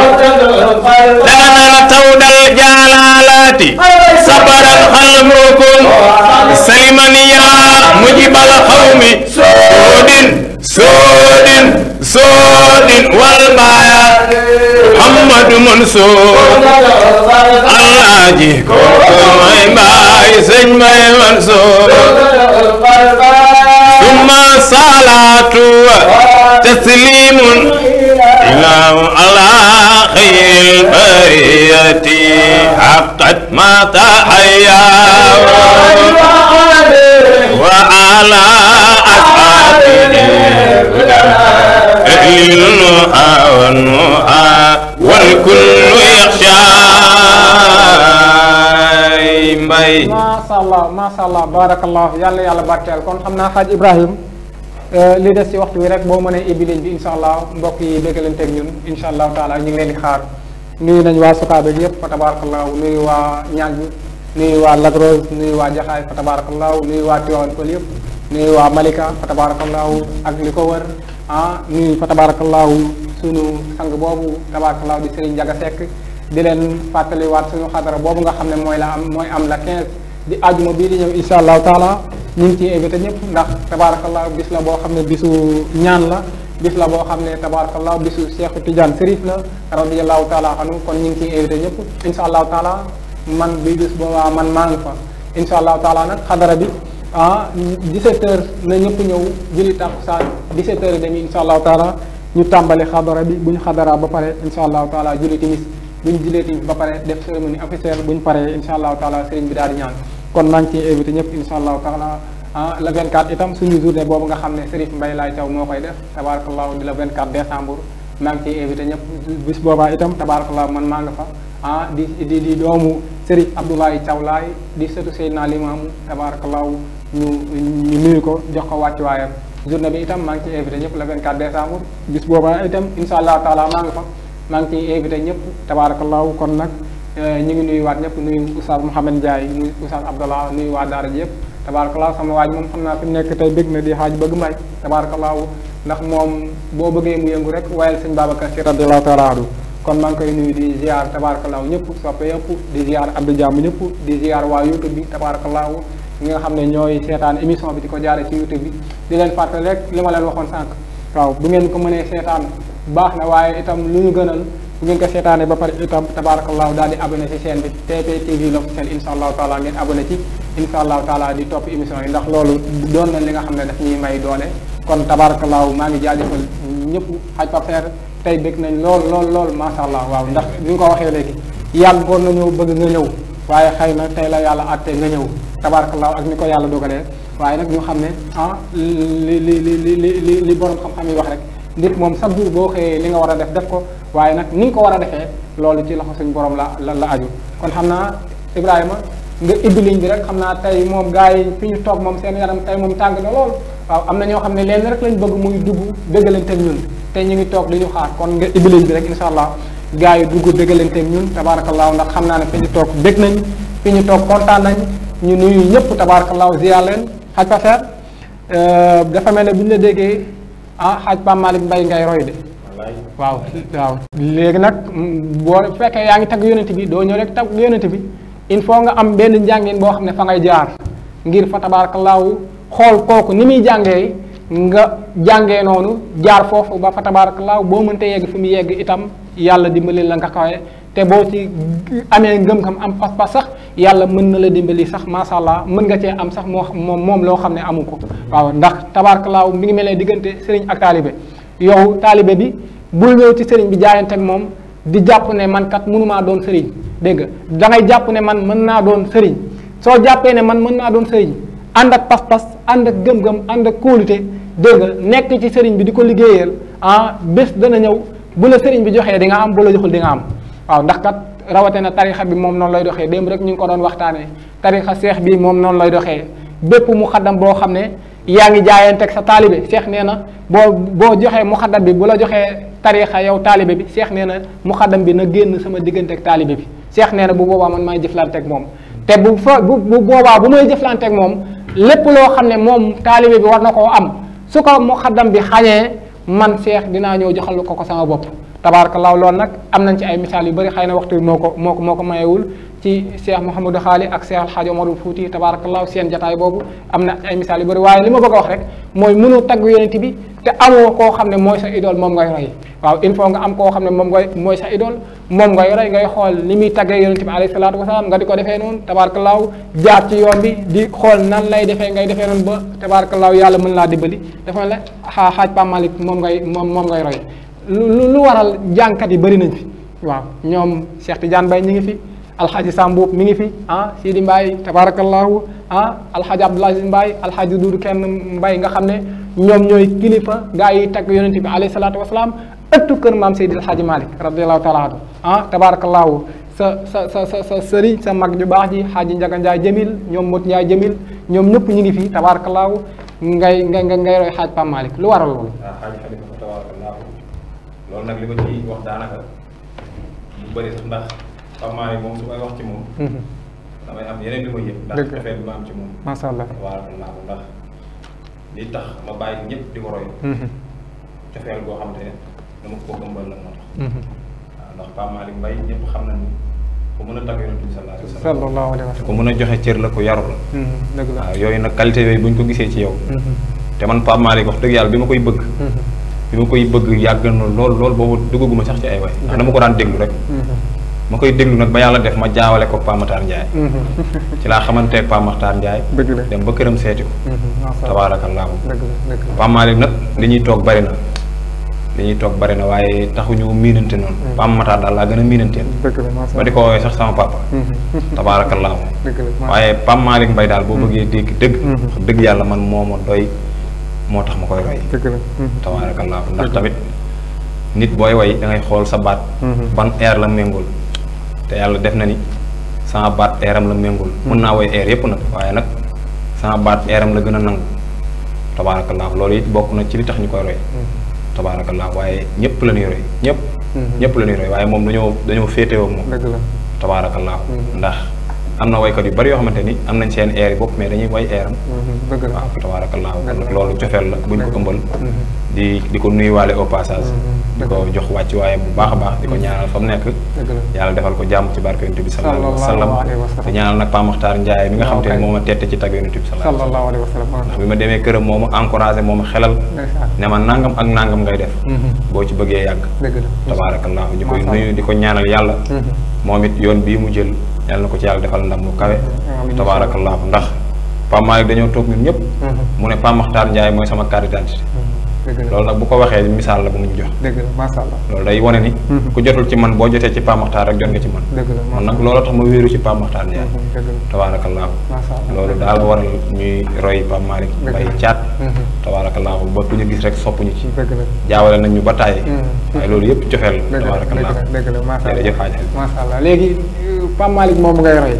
dana na taw dal jaalaalaati خلقكم سلمانيا مجيب القوم سود سود سود والبايا محمد منصور الراجي كوكو باي سجم منصور ثم صلاة تسليم إلى الله أخي البريتي حقت ما تحيا وعلى أصحابه النهى والنهى والكل يخشى ما شاء الله ما شاء الله بارك الله يلا يلا بارك الله كون خمنا حاج إبراهيم Euh, li des ci waxtu wi rek boo mënee ibbi ligne bi incha allah mbokk yi bëggalante ak ñun incha allahu taala ñu ngi leen di xaar nuyu nañ waa sukaabe yëpp fa tabarakallahu nuyu waa ñaag nuyu waa lagrose nuyu waa jaxaay fa tabarakallahu nuyu waa tiwaan pël yëpp nuyu waa malika fa tabarakallahu ak li ko wër ah nuyu fa tabarakallahu sunu sang boobu tabarakallahu di Serigne Ndiaga Seck di leen waat suñu xadara boobu nga xam ne mooy la am mooy am la 15 di àjjuma bii di ñëw incha allahu taala ñu ngi ciy invité ñëpp ndax tabaarakallah bis la boo xam ne bisu ñaan la bis la boo xam ne tabaarakallah bisu Cheikh Tidiane Serif la radiyallahu taala anhu kon ñu ngi ciy invité ñëpp incha allahu taala man bi bis boobaa man maa ngi fa incha allahu taala nag xadara bi ah 17 heures na ñëpp ñëw julli tàkkusaan 17 heures et demi incha allahu taala ñu tàmbali xadara bi bu ñu xadaraa ba pare incha allahu taala julli timis bu ñu jullee timis ba pare def cérémonie officielle bu ñu paree incha taala sëriñ bi daal di kon nañ ci ciy invité ñëpp incha taala ah le 24 itam suñu journée bobu nga xamné Serif mbay lay taw mo koy def tabarakallah di le 24 décembre maa ci ciy invité ñëpp bis boba itam tabarakallah man ma nga fa ah di di di doomu Serif Abdoulaye Thiaw Laye di setu sayna limam tabarakallah ñu ñu nuyu ko jox ko waccu wayam journée bi itam maa ci ciy invité ñëpp le 24 décembre bis boba itam inshallah taala ma nga fa maa ci ciy invité ñëpp tabarakallahu kon nak Eh, ñu ngi nuyu waat ñëpp nuyu Oustaz Mouhamed Ndiaye nuyu Oustaz Abdallah nuyu waa daara ji yëpp tabaarakallah sama waaj moom xam naa fi mu nekk tey bégg na di xaaj bëgg mbay tabaarakallah ndax moom boo bëggee mu yëngu rek wayal sëñ Babacar si radiyallahu taala anhu kon maa ngi koy nuyu di ziar tabaarakallah ñëpp soppe yëpp di ziar Abdou Diam ñëpp di ziar waa YouTube bi tabaarakallah ñi nga xam ne ñooy seetaan émission bi di ko jaaree ci YouTube bi di leen fàttali rek li ma leen waxoon sànq waaw bu ngeen ko mënee seetaan bu ngeen ko seetaanee ba pare itam tabaarakallaahu daal di abonné ci chaîne bi TP TV l'officiel incha allahu taala ngeen abonné ci incha allahu taala di topp émission yi ndax loolu doon na li nga xam ne daf ñuy may doole kon tabaarakallaahu maa ngi jaajëfal ñëpp xaj pa tey bëgg nañ lool lool lool macha allah waaw ndax ni nga ko waxee léegi yàlla yàggoon nañoo bëgg nga ñëw waaye xëy na tey la yàlla àtte nga ñëw tabaarakallaahu ak ñu ko yàlla dogalee waaye nag ñu xam ne ah li li li li li borom xam-xam yi wax rek nit moom sax jour boo xëyee li nga war a def def ko waaye nag ni nga ko war a defee loolu ci loxo suñ boroom la la la aju kon xam naa Ibrahima nga ibbi ligne bi rek xam naa tey moom gars yi fi ñu toog moom seen yaram tey moom tàng na lool waaw am na ñoo xam ne leen rek lañ bëgg muy dugg dëggalanteeg ñun tey ñu ngi toog li ñu xaar kon nga ibbi ligne bi rek incha allah gars yi dugg dëggalanteeg ñun tabaarakallaahu ndax xam naa ne fi ñu toog bég nañ fi ñu toog kontaan nañ ñu nuyu ñëpp tabaarakallaahu ziar leen xaj pa euh, dafa mel ne bu la déggee ah xaj Pape Malick Mbaye ngay roy de waaw waaw léegi nag mm, boo fekkee yaa ngi tagg yonent bi doo ñëw rek tagg yonent bi il faut nga am benn njàngin boo xam ne fa ngay jaar ngir fa tabaarakallaahu xool kooku ni muy jàngee nga jàngee noonu jaar foofu ba fa tabaarakallaahu boo mën te yegg fi mu yegg itam yàlla dimbali la nga kawe te boo ci amee ngëm-ngëm am pas-pas sax yàlla mën na la dimbali sax macha allah mën nga cee am sax moo moom moom loo xam ne amu ko waaw ndax tabaarakallaahu mu ngi mel ne diggante sëriñ ak yow taalibe bi bul ñëw ci sëriñ bi jaayante ak moom di jàpp ne man kat mënumaa doon sëriñ dégg nga da jàpp ne man mën naa doon sëriñ soo jàppee ne man mën naa doon sëriñ ànd ak pas-pas ànd ak gëm-gëm ànd ak kóolute dégg nga nekk ci sëriñ bi di ko liggéeyal ah bés dana ñëw bu la sëriñ bi joxee di nga am bu la joxul di nga am waaw ndax kat rawate na tarixa bi moom noonu lay doxee démb rek ñu ngi ko doon waxtaanee tarixa seex bi moom noonu lay doxee bépp mu xaddam boo xam ne yaa ngi jaayanteeg sa taalibe Cheikh nee na boo boo joxee muxaddam bi bu la joxee tarix yow taalibe bi Cheikh nee na muxaddam bi na génn sama digganteeg taalibe bi Cheikh nee na bu boobaa man maay jëflanteeg moom te bu fa bu boobaa bu may jëflanteeg moom lépp loo xam ne moom taalibe bi war na koo am su ko muxaddam bi xañee man Cheikh dinaa ñëw joxal ko ko sama bopp tabaarakallaahu lool nag am nañ ci ay misaal yu bëri xay na waxtu moo ko moo ko moo ko mayewul ci Cheikh Mouhamadou Xaali ak Cheikh Alxaaji Omarul Fuuti tabaarakallaahu seen jataay boobu am na ay misaal yu bëri waaye li ma bëgg a wax rek mooy mënoo tagg yonent bi te amoo koo xam ne mooy sa idole moom ngay roy waaw il faut nga am koo xam ne moom ngay mooy sa idole moom ngay roy ngay xool ni muy taggee yonent bi alayhi salaatu wasalaam nga di ko defee noonu tabaarakallaahu jaar ci yoon bi di xool nan lay defee ngay defee noonu ba tabaarakallaahu yàlla mën laa dimbali dafa la xaaj Pape Malick moom ngay moom moom ngay roy lu lu waral jankati bari nañ fi waaw ñom Cheikh Tidiane Bay ñi ngi fi hadji sambou mi ngi fi ah Sidi mbay tabarakallahu ah sidi mbay al hadji Dudu kenn mbay nga xamne ñom ñoy kilifa gaay yi tak yonent bi alayhi salaatu wasalaam ëttu kër maam al hadji malik radiyallahu taala ah tabarakallahu sa sa sa sa seri sa mag ju baax ji hadji Njaga Njaay Jamil Mot Njaay Jamil ñom ñep ñi ngi fi tabarakallahu ngay ngay ngay roy hadji Pam malik lu waral loolu nag li ko ci wax daanaka lu bëri sax ndax xamaa ne moom su may wax ci moom. Mhm. damay am yeneen yu ma yëg. ndax dafay lu ma am ci moom. macha allah waaw naa ko ndax li tax ma bàyyi ñëpp di ko roy. Mhm. cofeel goo xam te ne dama ko gëmbal la moo tax. Mhm. waaw ndax Pape Malick Mbaye mën a tagg yonent bi sallallahu alayhi ko mën a joxe cër la ko yaru waaw yooyu nag qualité yooyu bu ñu ko gisee ci yow. te man Pape Malick wax dëgg yàlla bi ma koy bëgg. bi ma koy bëgg yàgg lool lool boobu duggaguma sax ci ay way ndax dama ko daan déglu rek mm-hmm. ma koy déglu nag ba yàlla def ma jaawale ko Pape Makhtar mm-hmm. ci laa xamanteeg Pape Makhtar Ndiaye dem ba këram seeti ko mm-hmm. tabaarakallaahu Pape Malick nag li ñuy toog bari na li ñuy toog bari na waaye taxuñu miinante noonu Pape Makhtar daal laa gën a miinanteel ba di ko woowee sax sama papa tabaarakallaahu waaye Pape Malick Mbaye daal boo bëggee dégg dëgg wax dëgg yàlla man moo ma doy moo tax ma koy roy mhm. tabaarakallaa ndax tamit nit booy woy da xool sa baat mhm. ban air la méngool te yàlla def na ni sama baat airam la méngul mën mhm. naa woy air yëpp nag waaye nag sama baat airam la gën a nangu tabaarakallaa loolu it bokk na ci li tax ñu koy roy tabaarakallaa waaye ñëpp la ñuy roy ñëpp ñëpp la ñuy roy waaye moom dañoo dañoo féetewoo moom tabaarakallaa ndax amna way mhm, ah, mhm. mhm, ko di bari yo xamanteni amna am nañ seen air bop mais dañuy way airam deug la waaw nak lolu cofeel la buñ ko ëmbal di diko ko nuyuwaale au passage diko jox wàcc waye bu baax baax diko ñaanal fam nek yalla defal ko jamm ci barke nabi sallallahu alaihi wasallam sallam di ñaanal nak pa Maxtaar ndjay mi nga xamanteni ah, moma tette ci tagu nabi sallallahu alaihi wasallam bima ndax bi moma encourager moma moo ma encouragé xelal ne ma nangam ak nangam ngay def bo ci yag deug la di koy nuyu di ko ñaanal yalla momit it yoon bii mu jël yàlla na ko ci yàlla defal ndam lu kawe tabaarakallahu ndax Pape Malick dañoo toog ñun ñëpp mm-hmm. mu ne Pape Makhtar Ndiaye mooy sama carte d'identité mm-hmm. loolu nag bu ko waxee misaal la bu muñ jox dëgg la macha allah loolu day wane ni mhm. ku jotul ci man boo jotee ci pamaxtaar rek jot nga ci man man nag loolu tax ma wéeru ci pamaxtaar ñaar mhm, tabaarakallaahu loolu daal waral ñuy roy Pape Malick bay caat mhm. tabaarakallaahu ba ku ñu gis rek sopp ñu ci jaawale nañ ñu ba tàyyi waaye loolu yëpp joxeel la tabaarakallaahu jërëjëf xaaj macha allah léegi Pape Malick moom ngay roy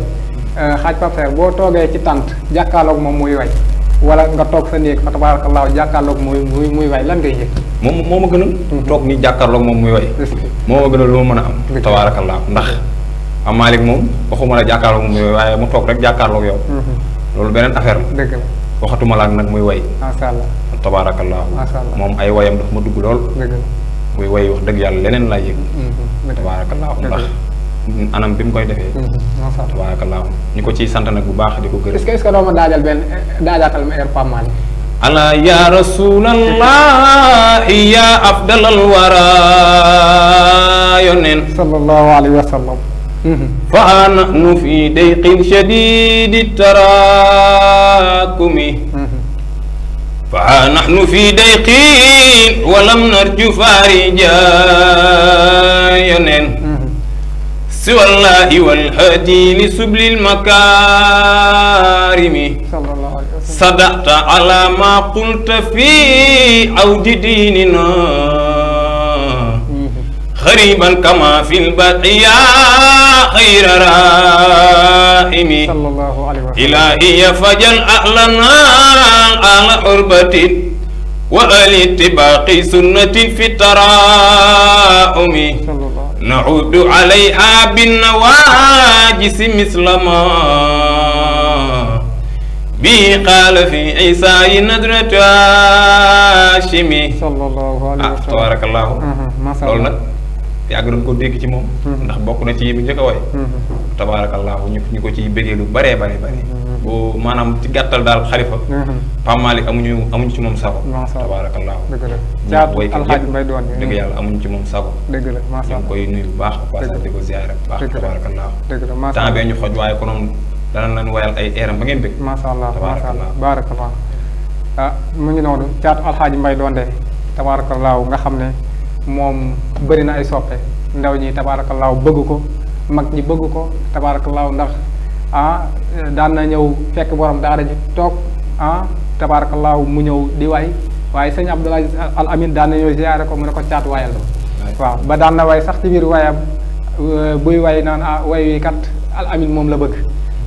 xaaj euh, Pape Saer boo toogee ci tànt jàkkaarloog moom muy way wala nga toog sa néeg fa tabaarakallaahu jàkkaarloog muy muy muy way lan ngay yëg moom moo ma gënal mhm. toog ni jàkkaarloog moom muy way moo ma gënal lu ma mën a am tabaarakallaahu ndax am Malick moom waxuma la jàkkaarloog moom muy way waaye mu toog rek jàkkaarloog yow mhm. loolu beneen affaire la dëgg la nag muy way macha allah tabaarakallaahu macha moom ay wayam daf ma dugg lool dëgg la muy way wax dëgg yàlla leneen laa yëg mhm. tabaarakallaahu ndax anam bim koy defé tabarak mhm. allah ni ko ci sante nak bu baax diko geureu est ce est ce dama dajal ben dajatal ma erpa mal ala ya rasulallah ya afdalul wara yonen sallallahu alaihi wasallam mhm. fa anu fi dayqin shadid tarakumi فنحن في ضيق ولم نرجو فارجا ينن سوى الله والهادي لسبل المكارم صدقت على ما قلت في عود ديننا غريبا كما في البقية خير رائم إلهي فجل أعلنا على حربة وآل اتباق سنة في التراؤم نعود عليها بالنواجس مثل ما به قال في عيسى ندرة هاشمي صلى الله عليه وسلم yàgg nañ ko dégg ci moom ndax bokk na ci yi bi njëkk a way tabaarakallaahu ñu ko ci bëggee lu bare bare bare boo maanaam ci gàttal daal xalifa mm-hmm. Pape Malick amuñu amuñu ci moom sago tabaarakallaahu dëgg la caatu alxaaji mbay doon dëgg yàlla la ñu ngi koy nuyu bu baax passage di ko ziyaare bu baax tabaarakallaahu dëgg la temps bee ñu xoj waaye konoon dana ba ngeen bëgg macha allah macha allah baarakallah ah, mu ngi noonu caatu alxaaji mbay doonde tabaarakallaahu nga xam ne moom bëri na ay soppe ndaw ñi tabaarakallaahu bëgg ko mag ñi bëgg ko tabaarakallaahu ndax ah daan na ñëw fekk borom daara ji toog ah tabaarakallaahu mu ñëw di waay waaye sëñ Abdoul Aziz Al amin daan na ñëw ziare ko mu ne ko caat waayal waaw ba daan na waay sax ci biir waayam euh, buy waay naan ah waay wi kat Al Amine moom la bëgg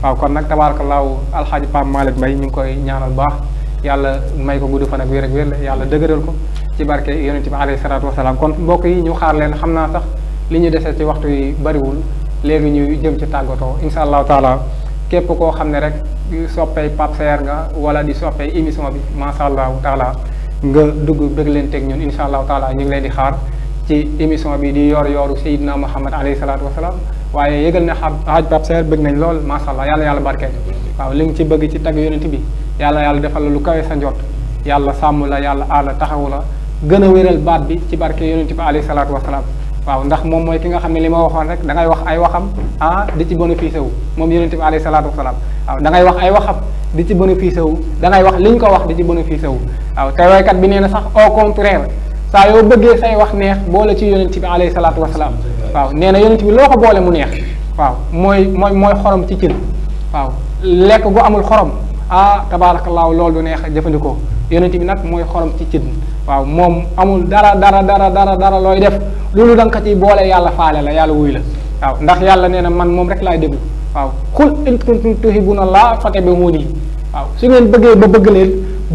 waaw kon nag tabaarakallaahu alxaaji pam Malick Mbaye ñu ngi koy ñaanal baax yàlla may ko gudd fan ak wér ak wér yàlla dëgëral ko ci barke yonente bi alayhi salaatu wasalaam kon mbokk yi ñu xaar leen xam naa sax li ñu desee ci waxtu yi bariwul léegi ñu jëm ci tàggatoo incha allahu taala képp koo xam ne rek soppee Pape Saer nga wala di soppee émission bi macha allahu taala nga dugg bëgg leen teg ñun incha allahu taala ñu ngi leen di xaar ci émission bi di yor yooru Seydina Muhammad alayhi salaatu wasalaam waaye yëgal na xam Haaj Pape Saer bëgg nañ lool macha allah yàlla yàlla barkeel waaw li nga ci bëgg ci tag yonent bi yàlla yàlla defal la lu kawe sa njot yàlla sàmm la yàlla aala taxawu la gën a baat bi ci barke yonent bi alayhi salaatu wasalaam waaw ndax moom mooy ki nga xam ne li ma waxoon rek dangay wax ay waxam ah di ci bénéficié wu moom yonente bi alayhi salaatu wasalaam waaw da wax ay waxam di ci bénéficié wu da ngay wax li ñu ko wax di ci bénéficié wu waaw te waykat bi nee na sax au contraire saa yoo bëggee say wax neex boole ci yonente bi alayhi salaatu wasalaam waaw nee na yonente bi loo ko boole mu neex waaw mooy mooy mooy xorom ci cin waaw lekk gu amul xorom ah tabaarakallaahu loolu du neex jëfandikoo yonente bi nag mooy xorom ci cin waaw moom amul dara dara dara dara dara looy def loolu da nga ko boole yàlla faale la yàlla wuy la waaw ndax yàlla nee na man moom rek laay déglu waaw xul in kuntum tuhibbuuna llaaha fattabi'uunii waaw su ngeen bëggee ba bëgg leen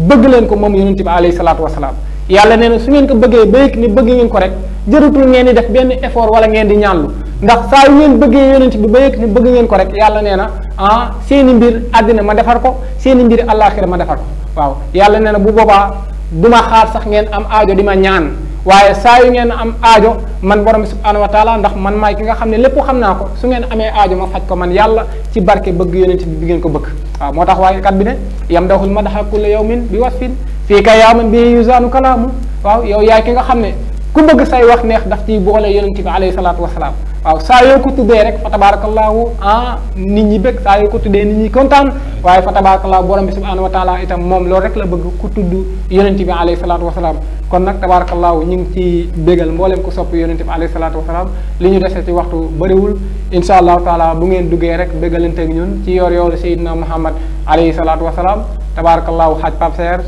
bëgg leen ko moom yonent bi alayhi salaatu wasalaam yàlla nee na su ngeen bëggee ba yëg ni bëgg ngeen ko rek jëratul ngeen di def benn effort wala ngeen di ñaanlu ndax saa yu ngeen bëggee yonent bi ba yëg ni bëgg ngeen ko rek yàlla nee na ah seeni mbir àddina ma defar ko seeni mbir àllaaxira ma defar ko waaw yàlla nee bu boobaa duma xaar sax ngeen am aajo di ma ñaan waaye saa yu ngeen am aajo man borom subhaanahu wa taala ndax man maay ki nga xam ne lépp xam naa ko su ngeen amee aajo ma faj ko man yàlla ci barke bëgg yonent bi bi ngeen ko bëgg waaw moo tax waaye kat bi ne yam dawul ma daxa kulla yawmin bi wasfin fii ka yaaman bi yusaanu kalaamu waaw yow yaay ki nga xam ne ku bëgg say wax neex daf ciy boole yonent bi alayhi salaatu wasalaam waaw saa yoo ko tuddee rek fa tabaarakallaahu ah nit ñi bëgg saa yoo ko tuddee nit ñi kontaan waaye fa tabaarakallaahu borom bi subhaanahu wa alaa itam moom loolu rek la bëgg ku tudd yonente bi alayhi salaatu wasalaam kon nag tabaarakallaahu ñu ngi ci bégal mboolem ko sopp yonente bi alayhi salaatu wasalaam li ñu dese ci waxtu bëriwul incha allahu taala bu ngeen duggee rek bégalante ak ñun ci yor yoolu Seydina Muhammad alayhi salaatu wasalaam tabaarakallaahu xaj Pape Seer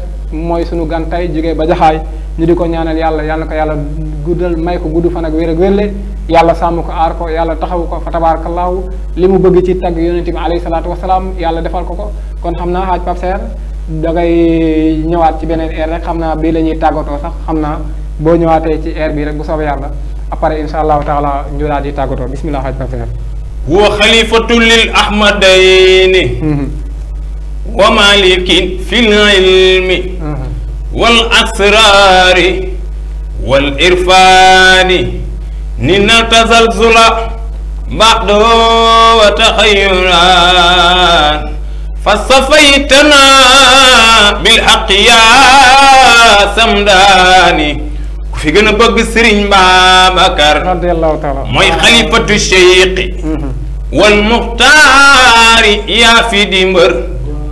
mooy sunu gan tey jógee ba jaxaay ñu di ko ñaanal yàlla yàlla ko yàlla guddal may ko gudd fan ak wér ak wérle yàlla sàmm ko aar ko yàlla taxaw ko fa tabaarakallaahu li mu bëgg ci tagg yonent bi alayhi salaatu wasalaam yàlla defal ko ko kon xam naa xaaj Pape Serre dangay ñëwaat ci beneen air rek xam naa bii la ñuy tàggatoo sax xam naa boo ñëwaatee ci air bi rek bu soobee yàlla après insha allahu taala ñu daal di tàggatoo bismillah xaaj Pape Serre wa xalifatu lil ahmadayni mm-hmm. wa والأسرار والإرفان نن تزلزل بعد وتخيرا فصفيتنا بالحق يا سمداني في جن بق سرين بابكر ماي خليفة الشيخ والمختار يا في دمر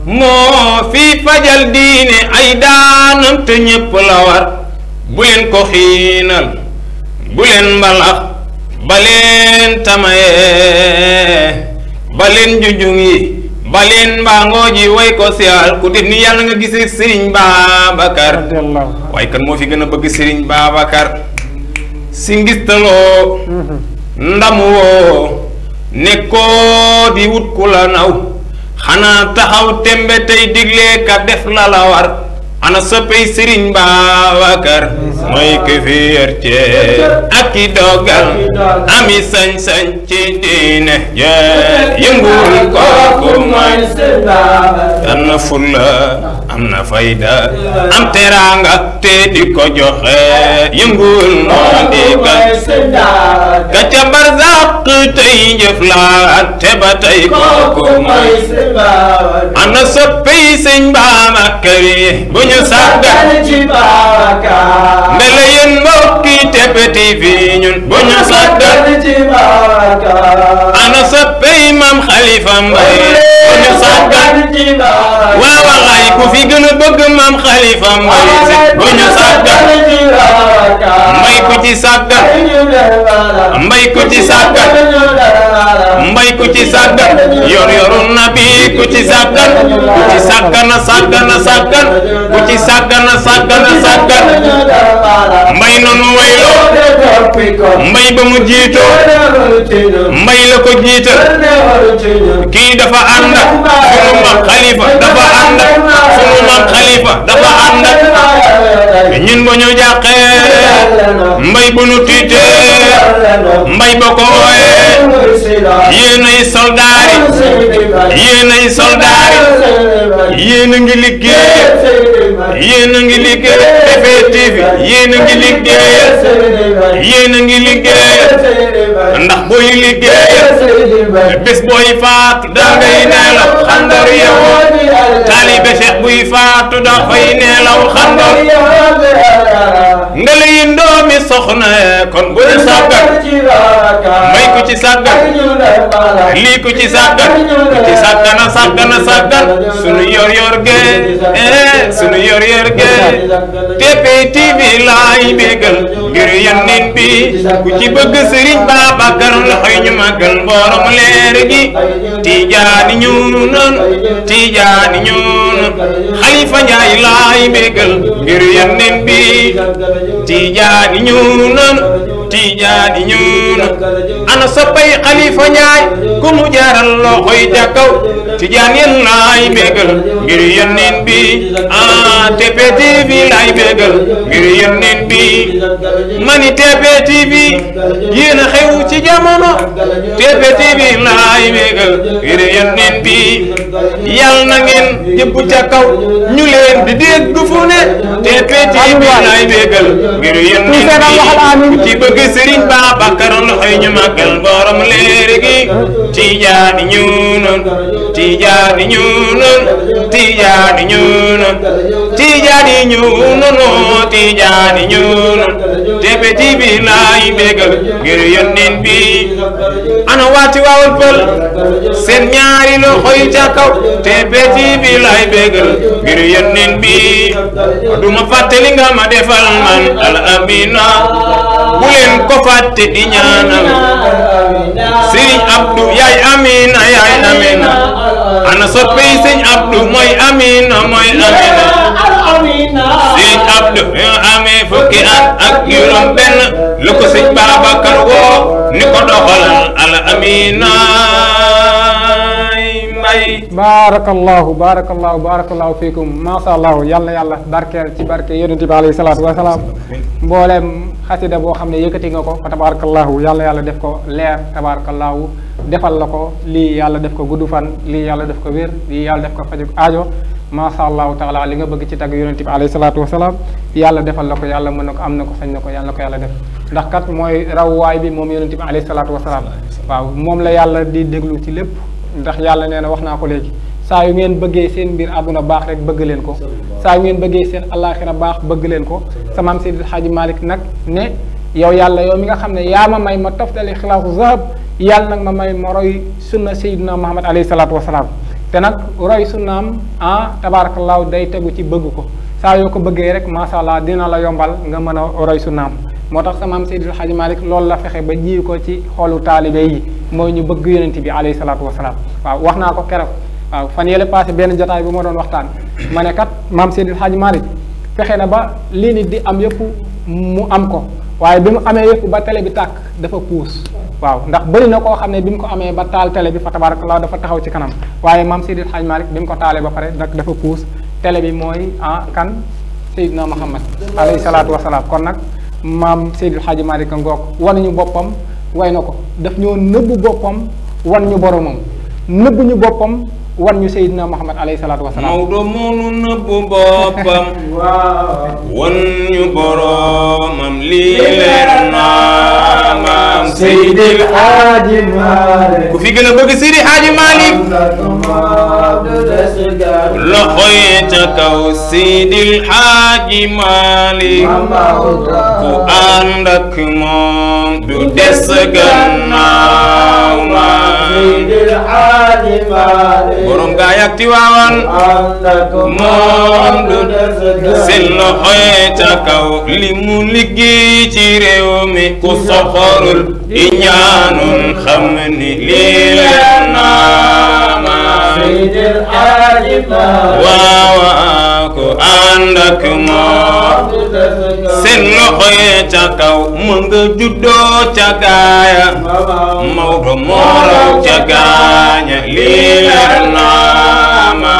moo fi fajal diine ay daanam te ñépp la bu leen ko xiinal bu leen mbalax ba leen tamayee ba leen junjung yi ba leen mbaangoo ji way ko siyaal ku def ni yàlla nga gisee Serigne Babacar waaye kan moo fi gën a bëgg Serigne Babacar si ngistaloo mhm. ndamu woo nekkoo di wut ku la naw xanaa taxaw tembe tey digle ka def na la war ana soppey sëriñ Babacar mooy ki fi yor ak i dogal ami sañ-sañ ci diine jël yëngul kooku mooy si Babacar dana fulla am na fayda am teraanga te di ko joxe yëngul moo di ka ca barzaq tey jëflante ba tey kooku mooy ana soppey sëñ Babacar yi bu ñu sàggan mbele yéen mbokk TP TV ñun bu ñu sàggan ci baakaar ana soppey maam Khalifa Mbaye bu ñu sàggan ci baakaar waaw waxaay ku fi gën a bëgg maam Khalifa Mbaye si bu ñu sàggan ci baakaar mbay ku ci sàggan mbay ku ci sàggan mbay ku ci sàggan yor yoru nabi ku ci sàggan ku ci sàggan sàggan sàggan ku ci sàggan sàggan sàggan mbay noonu way mbay ba mu jiitoo mbay la ko jiital kii dafa ànd ak ñun bu ñu jàqee mbay bu nu tiitee mbay ba ko wooyee yéenay soldaari soldaari yéen a ngi liggéey yéen liggéey TV yéen a ngi liggéeyal yéen a ngi liggéeyal ndax booy liggéeyal bés booy faatu dangay neelaw xandar yeewoo taalibe Cheikh buy faatu dafay neelaw xandar nga lay doomi soxna kon bu ñu sàggan ku ci sàggan lii ku ci sàggan ku a sàggana a sàggan sunu yor yor gee eh sunu yor yor gee TP TV laay bégal ngir yónneen bi ku ci bëgg Serigne Babacar loxoy ñu màggal ñu noon tijaani ñu noon Xalifa Njaay laay bégal ngir yónneen ana soppay xalifa njaay ku mu jaaral loxoy ca kaw tijaan yéen laay bégal ngir yónneen bi ah bi mani TP a xew ci jamono laay bégal ngir yónneen bi yàlla na ngeen jëpp ca ñu leen di dégg fu ne TP TV laay bégal ngir yónneen bi ci bëgg Serigne Babacar loxoy ñu màggal borom leer gi tijaani ñu noon tijaani ñu noon tijaani ñu oh, tepe ti bi laay bégal ngir yónneen bi ana waati waawal pël seen ñaari loxo ca kaw tepe ti bi laay bégal ngir yónneen bi duma fàtte li nga ma defal man al amina bu leen ko fàtte di ñaanal Serigne Abdou yaay Amina yaay Amina ana soppey Serigne Abdou mooy Amina mooy Amina Serigne Abdou yoo amee fukki at ak juróom benn lu ko Serigne Babacar woo ni ko doxalal ala Amina fiik baarakallahu baarakallahu baarakallahu fiikum macha allah yàlla yàlla barkeel ci barke yonente bi alayhi salaatu wasalaam mbooleem xasida boo xam ne yëkkati nga ko fa tabaarakallahu yàlla yàlla def ko leer tabaarakallahu defal la ko lii yàlla def ko gudd fan lii yàlla def ko wér lii yàlla def ko fajuk aajo macha allahu taala li nga bëgg ci tagg yonente bi alayhi salaatu wasalaam yàlla defal la ko yàlla mën na ko am na ko sañ na ko yàlla na ko yàlla def ndax kat mooy rawwaay bi moom yonente bi alayhi salaatu wasalaam waaw moom la yàlla di déglu ci lépp ndax yàlla nee na wax naa ko léegi saa yu ngeen bëggee seen mbir àdduna baax rek bëgg leen ko saa yu ngeen bëggee seen àllaaxira baax bëgg leen ko sa maam xaaj Xaaji nag ne yow yàlla yow mi nga xam ne yaa ma may ma toftale xilaasu zahab yàlla nag ma may ma roy sunna Seydina Muhammad alayhi salaatu wasalaam te nag roy sunnaam ah tabaarakallaahu day tegu ci bëgg ko saa yoo ko bëggee rek macha allah dina la yombal nga mën a roy sunnaam moo tax sa maam Seydil Hadji Malick loolu la fexe ba ji ko ci xoolu taalibe yi mooy ñu bëgg yonent bi alayhi salaatu wasalaam waaw wax naa ko keroog waaw fan yële passé benn jotaay bu ma doon waxtaan ma ne kat maam Seydil Hadji Malick fexe na ba lii nit di am yëpp mu am ko waaye bi mu amee yëpp ba tele bi tàkk dafa puus waaw ndax bëri na koo xam ne bi mu ko amee ba taal télé bi fa tabarakallah dafa taxaw ci kanam waaye maam Seydil Hadji Malick bi mu ko taalee ba pare nag dafa puus télé bi mooy ah kan Seydina Muhammad alayhi salaatu wasalaam kon nag maam Seydil Hadji Malick Ngoog wan ñu boppam way na ko daf ñoo nëbb boppam wan ñu boromam nëbb ñu boppam wan ñu Seydina Muhammad alayhi salaatu wa salaam. Maodo moonu nëbbu boppam. waaw. wan ñu boromam lii leer na maam. Seydi Hadji Malick. ku fi gën a bëgg Seydi Hadji Malick. loxo yi ca kaw Seydi du des gannaaw maam. Seydi borom gaa yàgg Tiwaawan moom du seen loxo yi ca kaw li mu liggéey ci réew mi ku soxorul i ñaanul xam ni lii عيد الآلفة waaw ku loxo yi ca kaw mu nga juddoo ca gaaya Maodo moo raw ca gaaña lii leer naa ma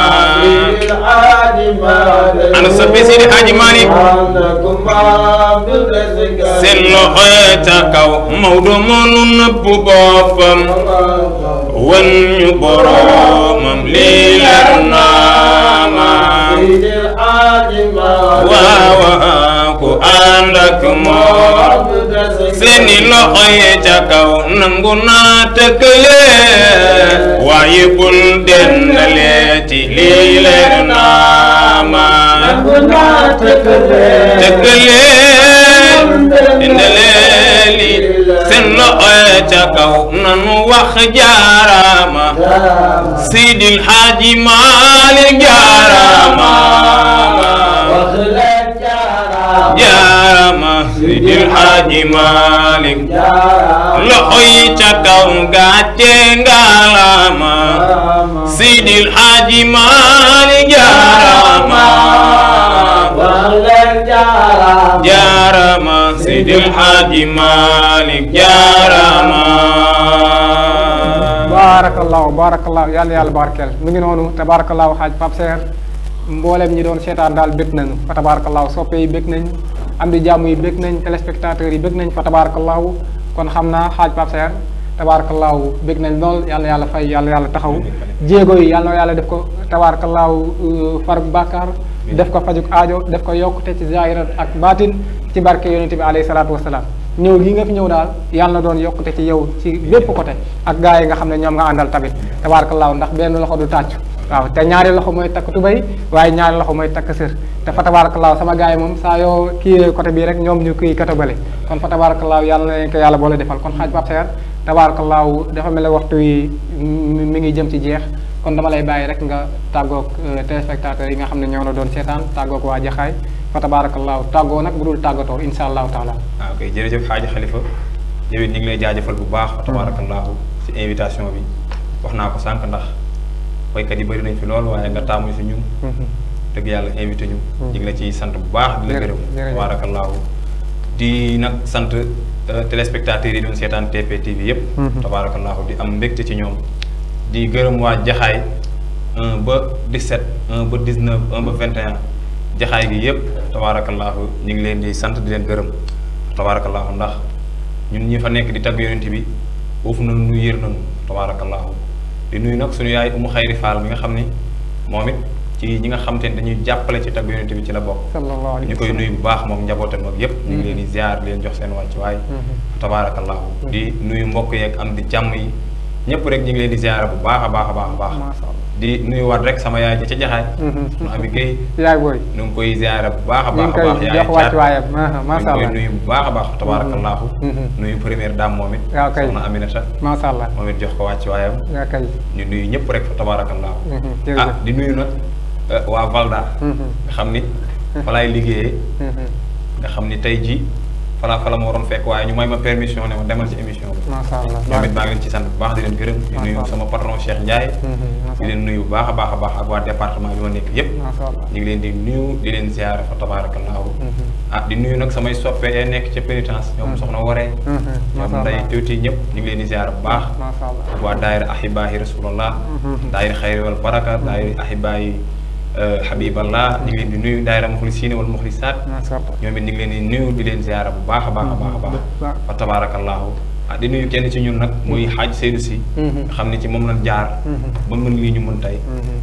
ana soppi Seydi Hadji Malick loxo yi ca kaw Maodo moo nu nëbbu boppam wan ñu boromam lii leer naa ma seeni loxo ca kaw nangu naa tëkkale waaye bul dendale ci lii leer naa ma tëkkale dendale seen loxo تكاو ننو خجاراما سيد الحاج مال جاراما سيد الحاج مالك يا تكاو الحاج مالك جاراما jaarama Seydil Hadji Malick jaarama baarakallaahu baarakallaahu yàlla yàlla barkeel mu ngi noonu tabaarakallaahu xaaj Pape mbooleem ñi doon seetaan daal bég nañu fa tabaarakallaahu soppe yi bég nañ am di jàmm yi bég nañ téléspectateurs yi bég nañ fa tabaarakallaahu kon xam naa xaaj Pape Seer tabaarakallaahu bég nañ lool yàlla yàlla fay yàlla yàlla taxaw jéego yàlla yàlla def ko tabaarakallaahu euh, farg bàkkaar def ko fajuk aajo def ko yokkute ci zaahiran ak baatin ci barke yonente bi alayhi salaatu wasalaam ñëw gi nga fi ñëw daal yàlla na doon yokkute ci yow ci lépp côté ak gars yi nga xam ne ñoom nga àndal tamit tabaarakallaahu ndax benn loxo du tàccu waaw te ñaari loxo mooy takk tubay waaye ñaari loxo mooy takk sër te fa tabaarakallaahu sama gars yi moom saa yoo kii côté bii rek ñoom ñu kii côté bële kon fa tabaarakallaahu yàlla na leen ko yàlla boole defal kon xaaj Pape Saer tabaarakallaahu dafa mel ne waxtu yi mi ngi jëm ci jeex kon dama lay bàyyi rek nga tàggoog euh, téléspectateurs yi nga xam ne ñoo la doon seetaan tàggoog waa Jaxaay fa tabaarakallaahu tàggoo nag bu dul tàggatoo insha allahu taala. waaw ah, kay jërëjëf xaaji xalifa yow it ñu ngi lay jaajëfal bu baax fa tabaarakallaahu ci invitation bi wax naa ko sànq ndax waykat yi bëri nañ fi lool waaye nga taamu si ñun. Mm-hmm. dëgg yàlla invité ñu. Mm-hmm. ñu ngi la ciy sant bu baax. di la gërëm tabaarakallaahu di nag sant euh, téléspectateurs yi doon seetaan TP TV yëpp. Mm-hmm. tabaarakallaahu di am mbégte ci ñoom. di gërëm waa jaxaay ba 17 1 ba 19 1 ba 21 jaxaay gi yëpp tabaarakallaahu ñu ngi leen di sant di leen gërëm tabaarakallaahu ndax ñun ñi fa nekk di tag yonent bi foofu nanu nu yër nanu tabaarakallaahu di nuyu nag suñu yaay umu xayri faal mi nga xam ni moom it ci ñi nga xam te ne dañuy jàppale ci tag yonent bi ci la bokk ñu koy nuyu bu baax moom njabootam ak yépp ñu ngi mm-hmm. leen di ziar leen jox seen wàcc waay mm-hmm. tabaarakallaahu mm-hmm. di nuyu mbokk yeeg am di jàmm yi ñëpp rek ñu ngi leen di ziara bu baax a baax a baax a baax di nuyuwaat rek sama yaay ja ca jaxaay mm-hmm. soxna Ami Guèye yaay booy nu ngi koy ziara bu baax a baax a baax yaay waayam maa bu baax a baax mm-hmm. tabaarakallaahu mm-hmm. nuyu première dame moom it soxna Aminata maa sha jox ko wàcc waayam kay nuyu ñëpp rek fa tabaarakallaahu ah di nuyu nag euh, waa Valda nga xam ni fa laay liggéeyee nga xam ni tey ji fala fala ma waroon fekk waaye ñu may ma permission ne ma demal ci émission bi. macha allah ñoom it leen ci sant bu baax di leen gërëm. di nuyu sama patron Cheikh Ndiaye. Mm-hmm. di leen nuyu bu baax a baax a baax ak waa département bi ma nekk yépp ñu leen di nuyu di leen ziar fa tabaarakallaahu mm-hmm. ah di nuyu nag samay soppe yee nekk ca pénitence ñoom mm-hmm. soxna waree. ñoom nday tuuti ñëpp ñu ngi leen di ziar bu baax. macha allah ak waa daayira ahibaahi rasulallah. daayira xayri wal baraka daayira ahibaahi Euh, Habiballah ñu ngi leen di nuyu daayira muxlisiina muxlisaat ñoom it ñu leen nuyu di leen ziara bu baax a baax a baax a baax mm-hmm. fa tabaarakallaahu ah, di nuyu kenn ci ñun nag muy xaaj mm-hmm. Seydou si mm-hmm. xam ne ci moom lañ jaar ba mën lii ñu mën tey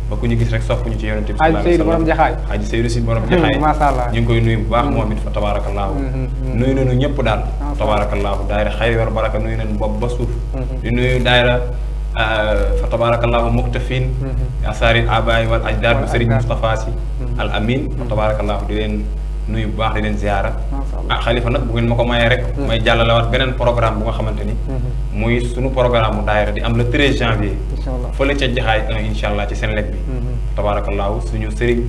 ba ku ñu gis rek sopp ñu ci yonente bi xaaj Seydou borom jaxaay xaaj Seydou si borom jaxaay ñu ngi koy nuyu bu baax moom it fa tabaarakallaahu nuyu nañu ñëpp daal tabaarakallaahu daayira xayri war baraka nuyu nañu bopp ba suuf di nuyu fa tabarakallahu muktafin asaarin abaay wal ajdaar bu sëriñ Moustapha Sy al amin fa tabarakallahu di leen nuyu bu baax di leen ziyaara ah xalifa nag bu ngeen ma ko mayee rek may jàllalewaat beneen programme bu nga xamante ni muy suñu programme mu daayira di am le 13 janvier fële ca jaxaay un insha ci seen lekk bi tabarakallahu suñu sëriñ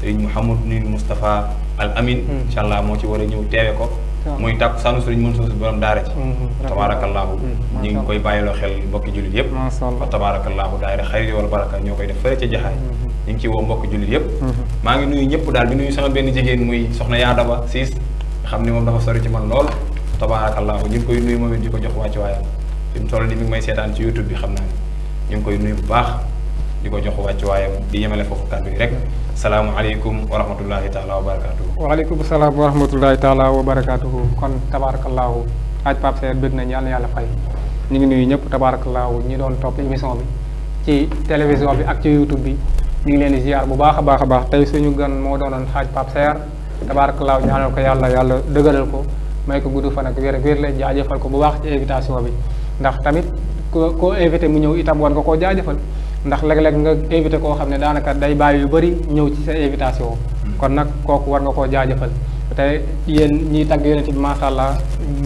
sëriñ Mouhamadou Nil Moustapha al amin insha moo ci war a ñëw teewe ko muy tàkku saanu sëriñ Mansour si borom daara ci mhm. tabaarakallaahu mhm. ñu ngi koy bàyyiloo xel mbokki jullit yëpp fa tabaarakallaahu daayira xayri baraka ñoo koy def fële ca jaxaay mhm. ñu ngi ciy woo mbokki jullit yëpp maa ngi nuyu ñëpp daal bi nuyu sama benn jigéen muy soxna yaa daba siis xam ne moom dafa sori ci man lool tabaarakallaahu ñu ngi koy nuyu moom it di ko jox wàcc waayam fi mu ni mi may seetaan ci youtube bi xam naa ni ñu ngi koy nuyu bu baax di jox waccu wayam di yemale fofu kaddu rek assalamu alaykum wa rahmatullahi taala wa wa alaykum assalam wa rahmatullahi taala wa barakatuh kon tabarakallah aj Pape Seye bëgg nañ yàlla yalla fay ñi ngi nuyu ñep tabarakallah ñi doon top émission bi ci télévision bi ak ci youtube bi ñi ngi leen di ziar bu baaxa baaxa baax tay suñu gan mo doonon xaaj pap sey tabarakallah ñaanal ko yalla yalla deugalal ko may ko guddu fan ak wér wér la jaajeufal ko bu baax ci invitation bi ndax tamit ko koo invité mu ñew itam won nga ko jaajeufal ndax léeg-léeg nga invité koo xam ne daanaka day bàyyi yu bëri ñëw ci sa invitation. Hmm. kon nag kooku war nga koo jaajëfal te yéen ñiy tagg yonent bi macha allah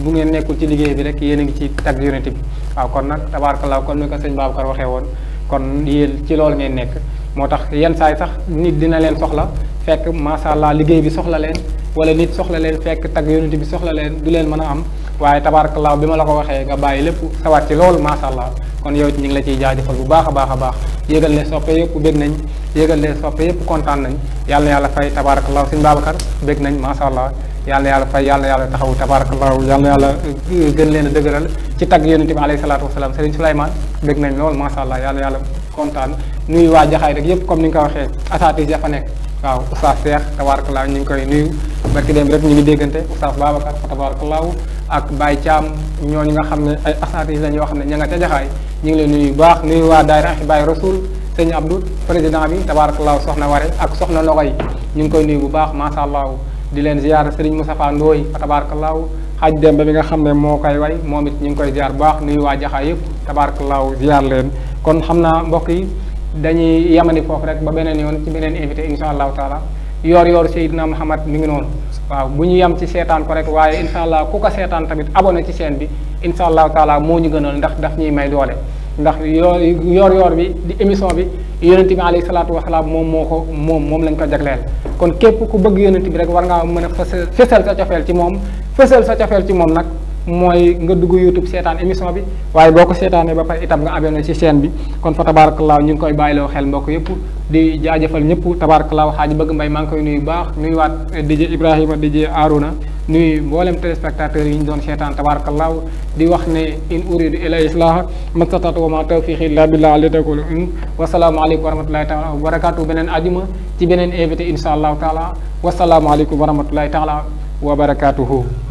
bu ngeen nekkul ci liggéey bi rek yéen a ngi ci tagg yonent bi waaw kon nag tabaarkalla kon ni sañ sëñ Babacar waxee woon kon yéen ci loolu ngeen nekk moo tax yenn saay sax nit dina leen soxla fekk macha allah liggéey bi soxla leen wala nit soxla leen fekk tagg yonent bi soxla leen du leen mën a am. waaye tabaarkalaaw bi ma la ko waxee nga bàyyi lépp sawaat ci lool macha allah kon yow ñu ngi la ciy jaajëfal bu baax a baax a baax yéegal ne soppe yëpp bég nañ yéegal ne soppe yëpp kontaan nañ yàlla na yàlla fay tabaarkalaaw suñu Babacar bég nañ macha allah yàlla yàlla fay yàlla na yàlla taxaw tabaarkalaaw yàlla na yàlla uh, uh, gën leen a dëgëral ci tagg yonente bi alayhi salaatu wasalaam Serigne Souleymane bég nañ loolu macha allah yàlla na yàlla kontaan nuyu waa jaxaay rek yëpp comme ni nga ko waxee asaati ya fa nekk waaw oustaz Seex tabarakallah ñu ngi koy nuyu barki dem rek ñu ngi déggante oustaz Babacar tabarakallah ak Baye Thiam ñooñu nga xam ne ay asatis la ñoo xam ne ña nga ca jaxaay ñu ngi leen nuyu baax nuyu waa daayira Hibaay Rasul sëñ Abdou président bi tabarakallah soxna Waré ak soxna Nogoy ñu ngi koy nuyu bu baax macha allah di leen ziar Serigne Moustapha Ndoye tabarakallah xaj dem ba mi nga xam ne moo koy way moom it ñu ngi koy ziar bu baax nuyu waa jaxaay yëpp tabarakallah ziar leen kon xam naa mbokk yi dañuy yamani foofu rek ba beneen yoon ci beneen invité insha allahu taala yoor yoor Seydina Muhammad mi ngi noonu waaw bu ñu yam ci seetaan ko rek waaye insha allah ku ko seetaan tamit abonné ci chaîne bi insha allahu taala moo ñu gënal ndax daf ñuy may doole ndax yoor yoor yoor bi di émission bi yonent bi alayhi salaatu wasalaam moom moo ko moom moom lañ ko jagleel kon képp ku bëgg yonent bi rek war ngaa mën a fës fësal sa cofeel ci moom fësal sa cofeel ci moom nag mooy nga dugg YouTube seetaan émission bi waaye boo ko seetaanee ba pare itam nga abonné ci chaîne bi kon fa tabaarakallaahu ñu ngi koy bàyyiloo xel mbokk yëpp di jaajëfal ñëpp tabaarakallaahu xaaji bëgg mbay maa ngi koy nuyu baax nuyuwaat DJ Ibrahima DJ Aruna nuyu tele téléspectateurs yi ñu doon seetaan tabaarakallaahu di wax ne in uridu ila islaaha mastatatu wa ma tawfiqi illa billah ali takulu in wasalaamualeykum wa rahmatullahi taala wa barakatu beneen ajuma ci beneen invité insha allahu taala wasalaamualeykum wa rahmatullahi taala wa barakatuhu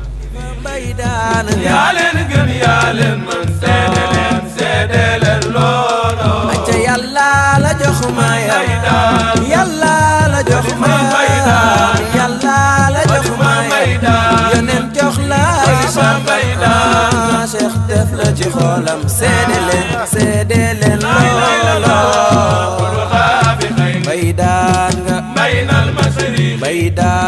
yaa leen gën yaa leen mën seede leen seede leen loolo acca yàlla la jox ma yaydaan yàlla la jox ma yaydaan yàlla la jox ma yaydaan yonent jox la isa baydaan cheikh def la ci xoolam seede leen seede leen loolo baydaan nga baynal masri baydaan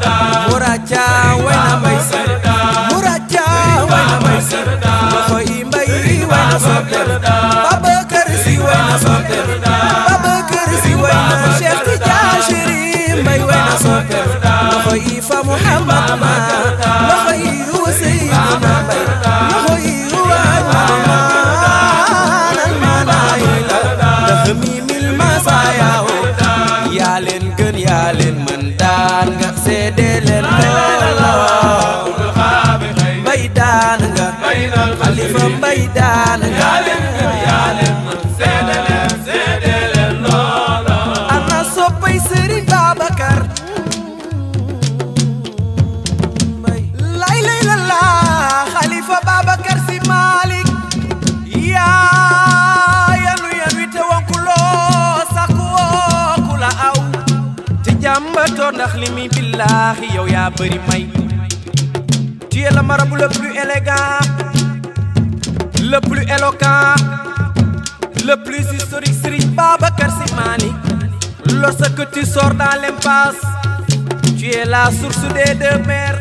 tu es le marabout le plus élégant le plus éloquent le plus historique sri Babacar simani lorsque tu sors dans l'impasse tu es la source des deux mers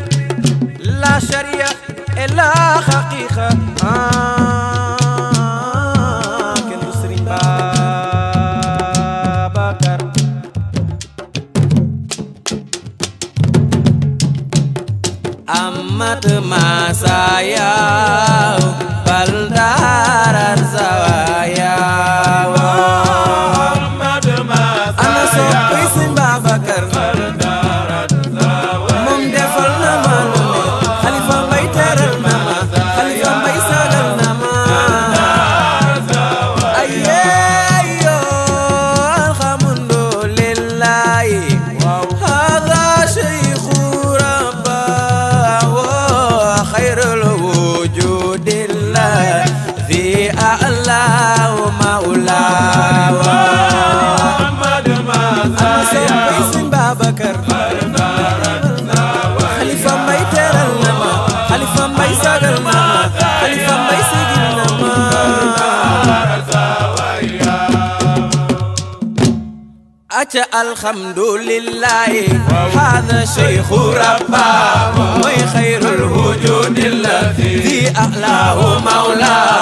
la charia et la haqiqa ah. rahmat masaya baldara alhamdulillahi hada shaykhu rabbaa mooy xayrul wujuudi llazi a'laahu mawlaa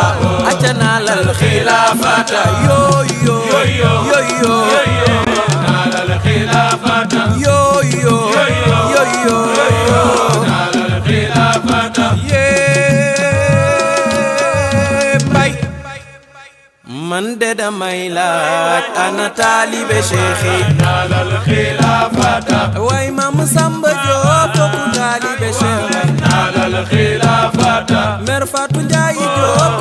atanaa lal xilaafata yooyo yooyo yooyo naa lal xilaafata yooyo yooyo yooyo man de damay laaj ana taalibe Cheikh yi nalal xilaafata way Maam Samba Joob bokku taalibe Cheikh nalal xilaafata mer Fatou Njaay Joob